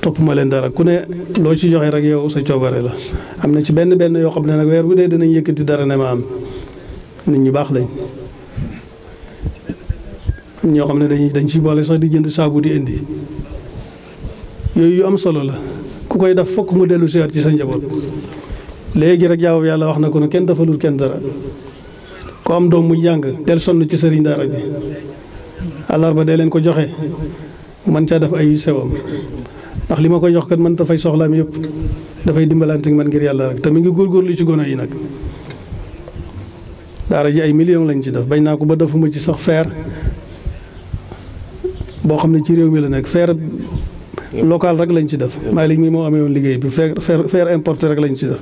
topp ma leen dara ku ne loo ci joxe rek yow sa coobare la am na ci benn benn yoo xam ne nag weer bu dee danañ dinañ di dara ne ma am nit ñu baax lañ ñoo xam ne dañuy dañ ciy boole sax di jënd saabu di indi yooyu yu am solo la ku koy def fokk mu dellu siwaat ci sa njaboot léegi rek jaaw yàlla wax na ko ne kenn defalul kenn dara ku am doom mu jàng del sonn ci sëriñ daara bi ba de len ko joxe man ca def ay sewam ndax lima ko koy jox kat man soxlam yep da fay dimbalante man ngir yalla rek te mi ngi li ci gono yi nak dara ji ay million lañ ci def bañ naa ko ba defuma ci sax fer bo xamne ci rew mi la nek fer local rek lañ ci def Malick mi mo amé won liggéey bi fer fer importer rek lañ ci def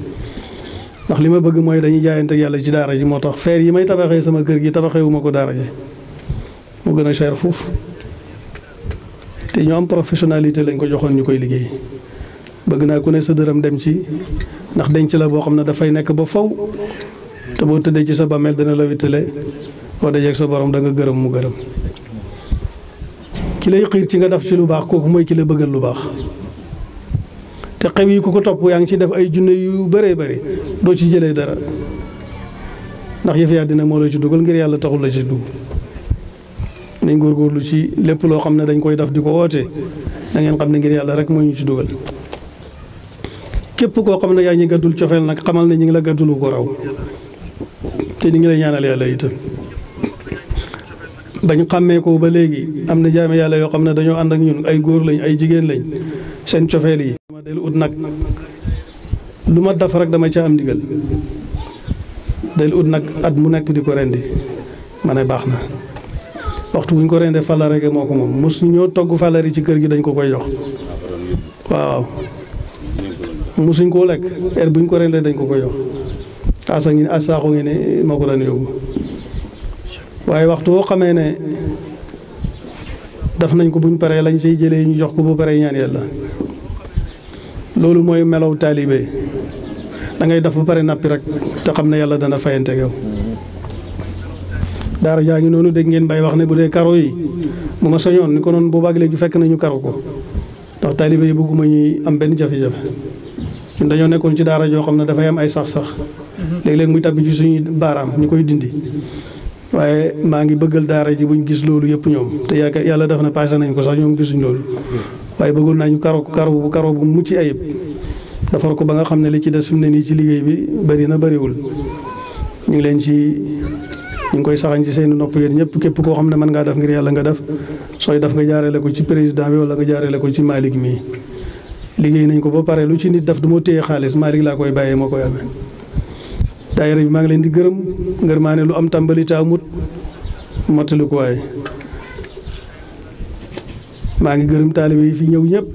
ndax lima bëgg moy dañuy jaayante ak yàlla ci dara ji motax fer yi may tabaxé sama kër gi tabaxé wu mako dara ji mu gën a cher foofu te ñu am professionnalité lañ ko joxoon ñu koy liggéey bëgg naa ku ne sa dërëm dem ci ndax denc la boo xam ne dafay nekk ba faw te boo tëddee ci sa bàmmeel dana la wittale boo dajeeg sa borom da nga gërëm mu gërëm ki lay xiir ci nga def ci lu baax kooku mooy kilo la bëggal lu baax te xew yi ku ko topp yaa ngi ci def ay junne yu bëree bëri doo ci jëlee dara ndax yëf yaa dina moo la ci dugal ngir yàlla taxul la ci dugg nañ góorgóorlu ci lépp loo xam ne dañ koy def di ko woote da ngeen xam ne ngir yàlla rek mooy ñu ci dugal képp koo xam ne yaa ngi gàddul cofeel nag xamal na ñu ngi la gàddulu ko raw te ñu ngi lay ñaanal yàlla itam. bañ xàmmee ko ba léegi am na jaame yàlla yoo xam ne dañoo ànd ak ñun ay góor lañ ay jigéen lañ seen cofeel yi. ma del ut nag lu ma dafa rek dama ca am ndigal del ut nag at mu nekk di ko rendi ma ne baax na. waxtu wuñ ko rendee falare rek moo ko moom mos ñoo togg falari ci kër gi dañ ko koy jox waaw mosuñ koo lekk heure buñ ko rendee dañ ko koy jox asa ngi as saaxu ngi ne moo ko daan yóbbu waaye waxtu woo xamee ne daf nañ ko buñ paree lañ ciy jëlee ñu jox ko bu paree ñaan yàlla loolu mooy melow taalibe da ngay def ba pare nappi rek te xam ne yàlla dana fayante yow daara jaa ngi noonu dégg ngeen bay wax ne bu dee karo yi bu ma soñoon ni ko noonu boobaag léegi fekk nañu karo ko ndax taalibe yi bëgguma ñuy am benn jafe-jafe dañoo nekkoon ci daara joo xam ne dafay am ay sax-sax léeg-léeg muy tabbi ci suñuy baaraam ñu koy dindi waaye maa ngi bëggal daara ji buñ gis loolu yëpp ñoom te yaakaar yàlla def na passé nañ ko sax ñoom gisuñ loolu waaye bëggoon naa ñu karo karo bu karo bu mucc ayib defar ko ba nga xam ne li ci des fi mu ne nii ci liggéey bi bëri na bariwul ñu leen ci ñu ngi koy saxañ ci seeni nopp yeen ñepp képp ko xamne man nga def ngir yalla nga def soy def nga jaareele ko ci président bi wala nga jaareele ko ci malik mi liggéey nañ ko ba pare lu ci nit def du ma téye xaalis Malick koy bayé moko yalla daayira bi ma ngi leen di gërëm ngir lu am tambali te mut, mottali ko way ma ngi gërëm taalibe yi fi ñew ñepp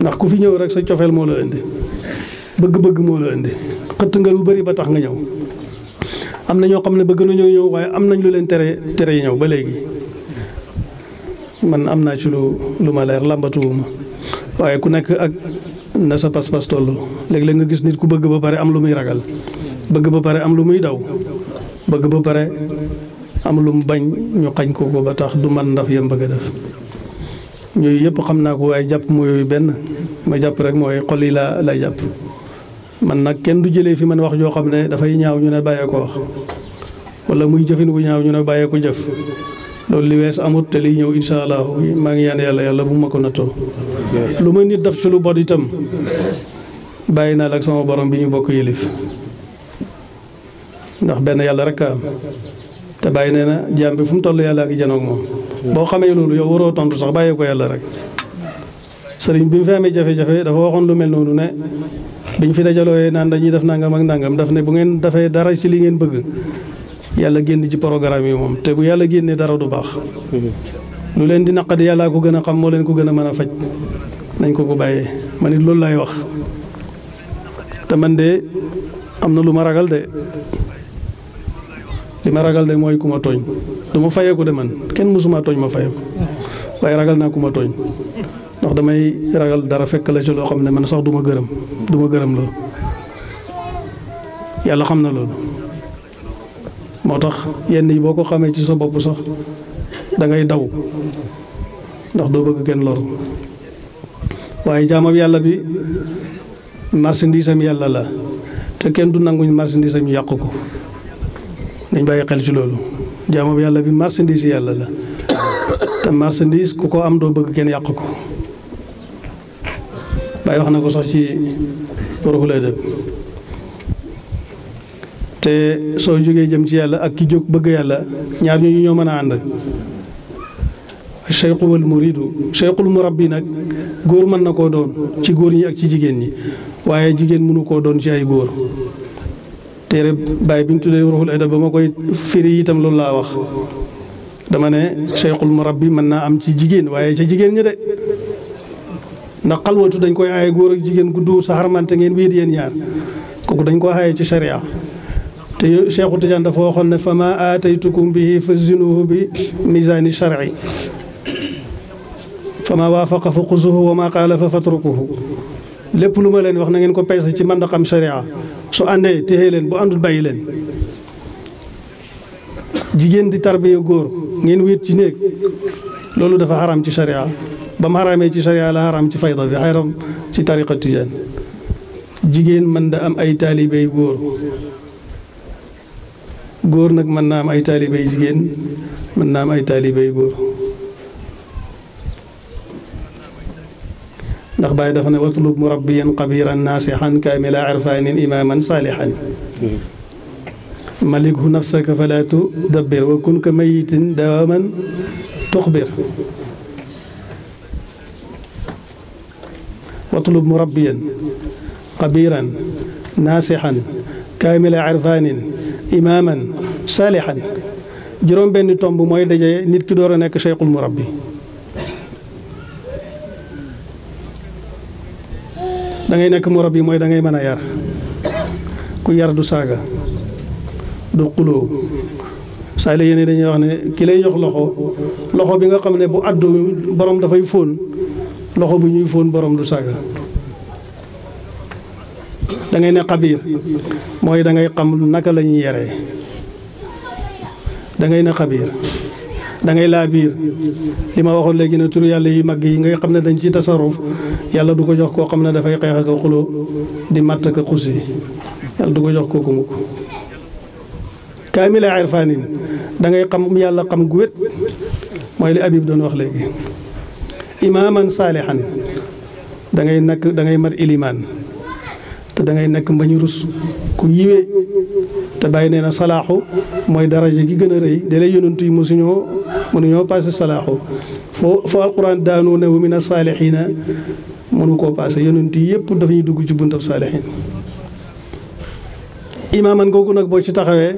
ndax ku fi ñew rek sa ciofel mo la indi bëgg-bëgg mo la indi xëtt nga lu bari ba tax nga ñew am na ñoo xam ne bëgg nañoo ñëw waaye am nañ lu leen tere tere yi ñëw ba léegi man am naa ci lu lu ma leer làmbatuwuma waaye ku nekk ak na sa pas-pas toll léeg-léeg nga gis nit ku bëgg ba pare am lu muy ragal bëgg ba pare am lu muy daw bëgg ba pare am lu mu bañ ñu xañ ko ko ba tax du man ndax yëm bëgg a def yooyu yëpp xam naa ko waaye jàpp mooy benn ma jàpp rek mooy xol yi laa lay jàpp man nag kenn du jëlee fi man wax joo xam ne dafay ñaaw ñu ne bàyyee ko wax wala muy jëfin wu ñaaw ñu ne bàyyee jëf loolu li wees amut te liy ñëw incha allah maa ngi yaan yàlla yàlla bu ma ko nattoo lu ma nit def ci lu bon itam bàyyi naa la ak sama borom bi ñu bokk yëlif ndax benn yàlla rek a am te bàyyi nee na jaam bi fu mu toll yàlla ak janoog moom boo xamee loolu yow waroo tontu sax bàyyi yàlla rek sëriñ bi mu fi amee jafe-jafe dafa biñ fi dajaloo naan dañuy def nangam ak nangam daf ne bu ngeen dafee dara ci li ngeen bëgg yàlla génn ci programme yi moom te bu yàlla génnee dara du baax. lu leen di naqadi yàllaa ko gën a xam moo leen ko gën a mën a faj nañ ko ko bàyyee man it loolu laay wax te man de am na lu ma ragal de li ma ragal de mooy ku ma tooñ du ma fayeeku de man kenn mësuma tooñ ma fayeeku waaye ragal naa ku ma tooñ. damay ragal dara fekk la ci loo xam ne man sax du ma gërëm duma gërëm loolu yàlla xam na loolu moo tax yenn yi boo ko xamee ci sa bopp sax da ngay daw ndax doo bëgg kenn loru waaye jaamam yàlla bi marchandise yàlla la te kenn du nanguñ marchandise am yàqu ko dañ bàyyi xel ci loolu jaamam yàlla bi marchandise yàlla la te marchandise ku ko am doo bëgg kenn yàqu ko bàyyi wax na ko sax ci ruuxul adab te so jógee jëm ci yalla ak ki jog bëgg yalla ñaar ñu ñoo mëna a shaykhu wal muridu al murabbi nak, goor mana nako doon ci goor ñi ak ci jigen ñi waye jigen mënu ko doon ci ay goor téere bay biñ ñu waru ruuxul adab ba firi itam la wax dama ne murabbi man na am ci jigen waye ci jigen ñi de ndax xalwatu dañ koy aaye góor ak jigéen gu duur sa xarmante ngeen wéet yéen ñaar kooku dañ ko aaye ci sharia te Cheikhu Tidiane dafa waxoon ne fa ma aataytukum bihi fa zinuhu bi misaani shar'i fa ma waafaqa fa xusuhu wa ma xaalafa fatrukuhu lépp lu ma leen wax na ngeen ko peese ci man xam sharia su àndee téye leen bu àndul bàyyi leen jigéen di tarbiya góor ngeen wéet ci néeg loolu dafa xaram ci sharia بمهارة ميتي شريعة لها رامي تي فايدة في حيرم تي طريقة تجان جيجين من دا أم أي تالي غور غور نك من نام أي تالي بي جيجين من نام أي تالي بي غور نخ باي دفن وطلب مربيا قبيرا ناسحا كاملا عرفان إماما صالحا ملكه نفسك فلا تدبر وكن كميت دواما تخبر واطلب مربيا قبيرا ناصحا كامل عرفان إماما صالحا جروم بن تومب موي داجي نيت كي دورا نيك شيخ المربي da ngay nekk murab bi mooy da ngay mën a yar ku yar du du dañuy wax ne ki lay jox loxo loxo bi nga xamne bu addu borom fay fon loxo bu ñuy fon borom du saga da ngay ne khabir moy da ngay xam naka la yéré da ngay ne khabir da ngay la bir lima waxon legi na turu yalla yi mag yi ngay xam dañ ci tasarruf yalla du ko jox ko xam da fay xex ak xulu di mat ak xusi yalla du ko jox ko mukk kaamila irfanin da ngay xam yalla xam gu wét mooy li abib doon wax legi Imaman salihan da ngay nak da ngay mat iliman te da ngay nak mbañu rus ku yiwe te bàyyi nee na salaaxu mooy daraja gi gëna reey de lay yonent yi mosuñoo ñoo passé salahu fo alquran daanu ne wu mina saalixiina mënu ko passé yonentu yépp daf dafa dugg ci buntu salihin imaman gogu nak bo ci taxawé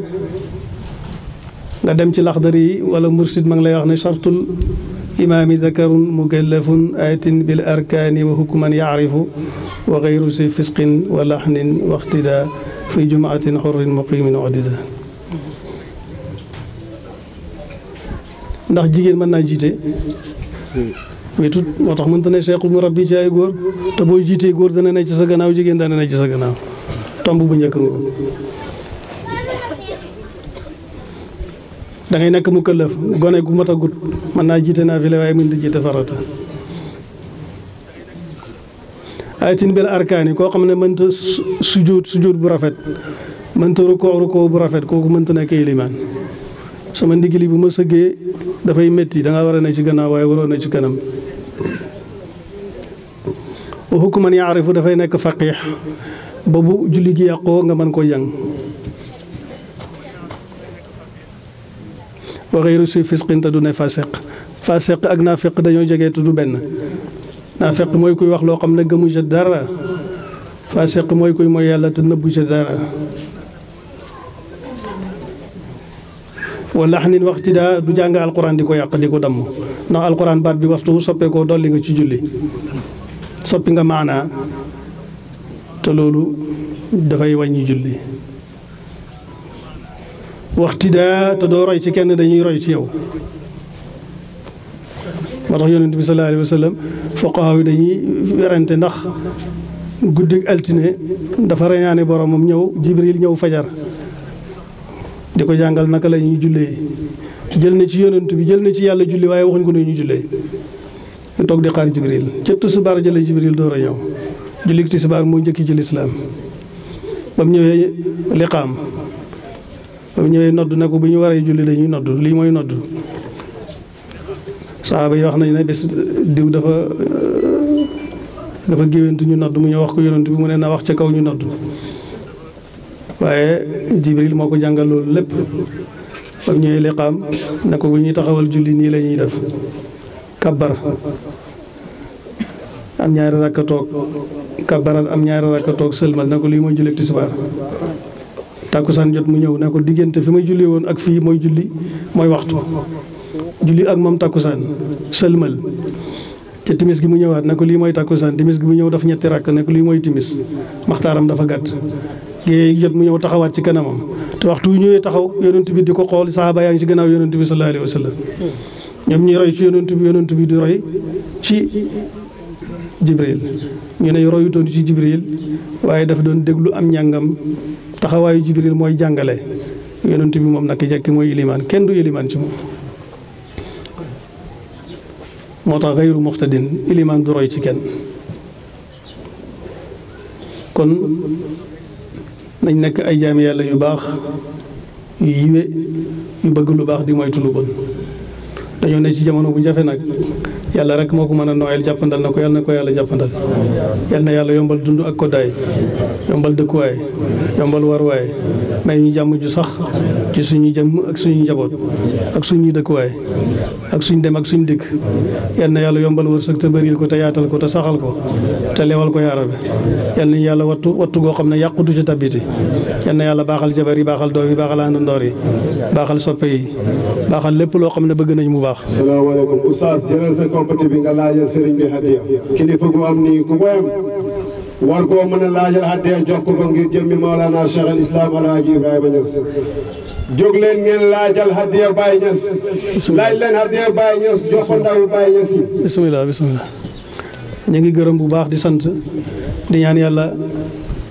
nga dem ci lakhdari wala mursid mang lay wax ne shartul إمام ذكر مكلف آت بالأركان وحكما يعرف وغير ذي فسق ولحن واقتداء في جمعة حر مقيم عددا ndax jigéen mën naa jiite wetut moo tax mënta ne seexul murabbi ci ay góor te boo jiitee góor dana ne ci sa gannaaw jigéen dana ne ci sa gannaaw tomb bu njëkk nga da ngay nek mu këllëf gone gu mata gut man na jité na fi lay way min di jité farata ay tin bel arkaani ko xamné man ta sujud sujud bu rafet ta rukkoo rukkoo bu rafet man ta nek iliman sama ndigili bu ma da fay metti da nga wara a ne ci gannaaw way waroo ne ci kanam wa hukman julli gi yaqo nga man ko yang wa xeyru si fisqin te ne fasiq fasiq ak nafiq dañoo jege te du benn naafiq mooy kuy wax loo xam ne gëmu ca dara fasiq mooy kuy mooy yàlla te nëbbu ca dara wala xanin waxti daa du jàng alquran di ko yàq di ko damm ndax alquran baat bi waxtu soppeekoo dolli nga ci julli soppi nga maanaa te loolu dafay wàññi julli waxtidaa te doo roy ci kenn dañuy roy ci yow moo tax yonent bi sallallahu alayhi wa sallam yi dañuy werante ndax guddi altine dafa reñaane boromam ñëw jibril ñëw fajar di ko jàngal naka la ñuy jullee jël na ci yonent bi jël na ci yàlla julli waaye waxuñ ko ne ñu jullee ñu toog di xaar jibril ca tisbaar jële jibril door a ñëw julli tisbaar moo njëkki ci lislaam ba ñëwee liqaam ba mu ñëwee nodd na ko bu ñu waree julli dañuy nodd lii mooy nodd saaba yi wax nañ ne bis diw dafa dafa géwéntu ñu nodd mu ñu wax ko yonent bi mu ne na wax ca kaw ñu nodd waaye jibril moo ko jàngal loolu lépp ba mu ñëwee liqaam ne ko bu ñuy taxawal julli nii la ñuy def kabbar am ñaari rakka toog kabbaral am ñaari rakka toog sëlmal ne ko lii mooy julleeg tisbaar Takusan jot mu ñew nako ko fi may julli won ak fi moy julli moy waxtu julli ak mom takusan selmal té timis gi mu ñëwaat nako li moy takusan timis gi mu ñëw daf ñetti rak nako li moy timis maxtaram dafa gatt yéegi jot mu ñëw taxawaat ci kanamam té waxtu wu taxaw yonent bi diko xol sahaba yaangi ci gënaaw bi sallallahu alayhi wasallam. sallam ñi roy ci bi bi di roy ci jibril ñu ne royutoon ci jibril waye dafa doon deglu am ñangam taxawaayu jibril mooy jàngale yonent bi moom nag jekki mooy ilimaan kenn du ilimaan ci moom moo tax gayru muxtadin ilimaan du roy ci kenn kon nañ nekk ay jaami yàlla yu baax yu yiwe yu bëgg lu baax di moytu lu bon dañoo ne ci jamono bu jafe nag yàlla rek moo ko mën a nooyal jàppandal na ko yàlla na ko yàlla jàppandal yàlla na yàlla yombal dund ak koddaay yombal dëkkuwaay yombal warwaay may ñu jàmm ju sax ci suñu jëm ak suñu njaboot ak suñuy dëkkuwaay ak suñ dem ak suñu dikk yàlla yàlla yombal wërsëg te bëril ko te yaatal ko te saxal ko te lewal ko yaara bi yàlla nañu yàlla wattu wattu goo xam ne yàqutu ci tabiti yàlla yàlla baaxal jabar yi baaxal doom yi baaxal àndandoor yi baaxal soppe baaxal lépp loo xam ne bëgg nañ bu baax salaamaaleykum oustaz jëlal sa compété bi nga laajal sëriñ bi hadiya kilifa gu am nii ku koy am war koo mën a laajal hadiya jox ko ngir jëmmi Mawlana Cheikh al Islam Alhaji Ibrahima Niass jóg leen ngeen laajal hadiya Baye Niass laaj leen hadiya Baye Niass jox ko ndaw Baye Niass yi bisimilah bisimilah ñu ngi gërëm bu baax di sant di ñaan yàlla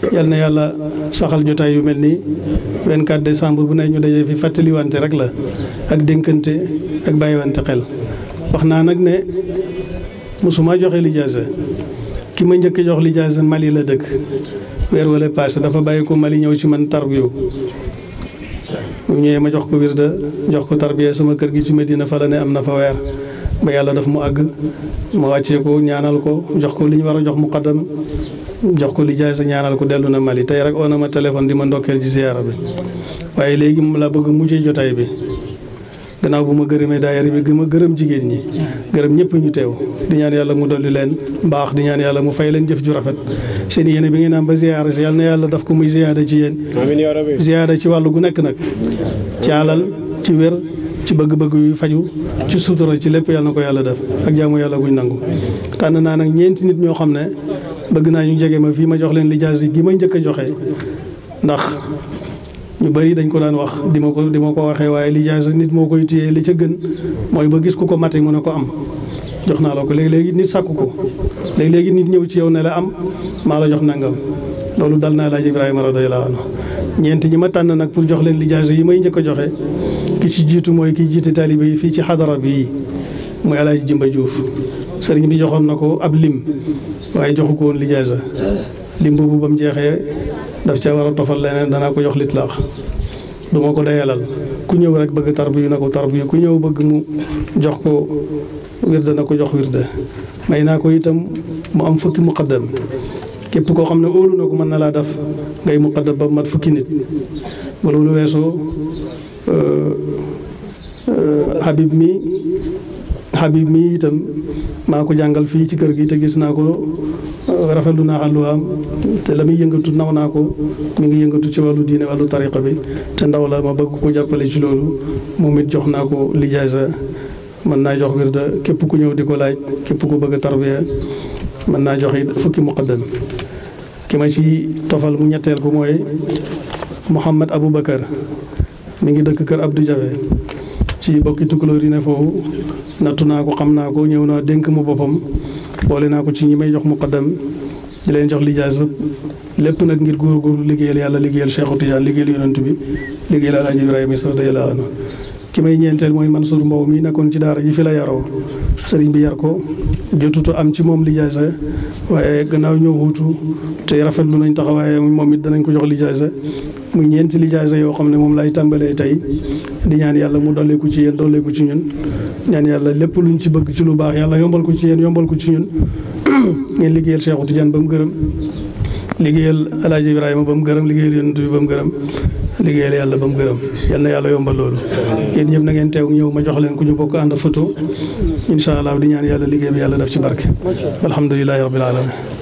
na yàlla saxal jotaay yu mel nii 24 décembre bu ne ñu dajee fi fàttaliwante rek la ak dénkante ak bàyyiwante xel wax naa nag ne mosuma joxe lijaasa ki ma njëkk jox lijaasa Mali la dëkk weer wala passé dafa bàyyi ko Mali ñëw ci man tarbiyu bu ñëwee ma jox ko wirda jox ko tarbiya sama kër gi ci Medina fa la ne am na fa weer ba yàlla daf mu àgg ma wàccee ko ñaanal ko jox ko li ñu war a jox mu muqaddam jox ko li jaay sa ñaanal ko dellu na Mali tey rek oo na ma di ma ndokkeel ci ziyaara bi waaye léegi mu la bëgg mujjee jotaay bi gannaaw bu ma gërëmee daayira bi ma gërëm jigéen ñi gërëm ñëpp ñu teew di ñaan yàlla mu dolli leen mbaax di ñaan yàlla mu fay leen jëf ju rafet seen yéene bi ngeen am ba ziyaara si yàlla na yàlla daf ko muy ziyaada ci yéen ziyaada ci wàllu gu nekk nag ci alal ci wér ci bëgg-bëgg yu faju ci sutura ci lépp yàlla na ko yàlla def ak jaamu yàlla guñ nangu bëgg naa ñu jege ma fii ma jox leen lijaas yi gi may njëkk joxe ndax ñu bari dañ ko daan wax di ma ko di ma ko waxee waaye lijaas nit moo koy téye li ca gën mooy ba gis ku ko mate mën a ko am jox naa la ko léegi-léegi nit sàkku ko léegi-léegi nit ñëw ci yow ne la am maa la jox nangam loolu dal naa laaj Ibrahima radiyallahu anhu ñeent ñi ma tànn nag pour jox leen lijaas yi may njëkk a joxe ki ci jiitu mooy ki jiite taalibe yi fii ci xadara bi muy Alaaji Jimba Diouf sëriñ bi joxoon na ko ab lim waaye joxu ko woon lijaasa lim boobu ba mu jeexee daf ca war a tofal leneen danaa ko jox litlaax du ko dayalal ku ñëw rek bëgg tarbiyu na ko tarbiyu ku ñëw bëgg mu jox ko wirde na ko jox wirde may naa ko itam mu am fukki muqaddam képp koo xam ne óolu na mën na laa def ngay muqaddam ba mat fukki nit ba loolu weesoo euh, euh, Habib mi Habib mii itam maa ko jàngal fii ci kër gi te gis naa ko euh, rafetu naa xàlluwaam te la muy yëngatu naw naa ko mu ngi yëngatu ci wàllu diine wàllu tariqa bi te ndaw la ma bëgg ko jàppale ci loolu moom it jox naa ko lijaasa mën naa jox wirda képp ku ñëw di ko laaj képp ku bëgg a tarbiya mën naa jox it fukki muqaddam ki ma ci tofal mu ñetteel ko mooy Mouhamed Aboubacar mi ngi dëkk kër Abdou Jawe ci bokki tukulóor yi foofu nattu naa ko xam naa ko ñëw naa dénk ma boppam boole naa ko ci ñi may jox muqaddam di leen jox lijaasa lépp nag ngir góorgóorlu liggéeyal yàlla liggéeyal Cheikh Tidiane liggéeyal yonent bi liggéeyal Alaaji Ibrahima Niass ki may ñeenteel mooy Mansour Mbow mi nekkoon ci daara ji fi la yaroo sëriñ bi yar ko jotutu am ci moom lijaasa waaye gannaaw ñëw wuutu te lu nañ tax taxawaaye moom it danañ ko jox lijaasa muy ñeenti lijaasa yoo xam ne moom lay tàmbalee tey di ñaan yàlla mu dolleeku ci yéen dolleeku ci ñun ñaan yàlla lépp luñ ci bëgg ci lu baax yàlla yombal ko ci yéen yombal ko ci ñun ngeen liggéeyal Cheikh Tidiane ba mu gërëm liggéeyal El Hadj ba mu gërëm liggéeyal yonent bi ba mu gërëm liggéeyal yàlla ba mu gërëm yal na yàlla yombal loolu yéen ñëpp na ngeen teew ñëw ma jox leen ku ñu bokk ànd photo incha allah di ñaan yàlla liggéey yàlla def ci barke alhamdulilahi rabbil alamin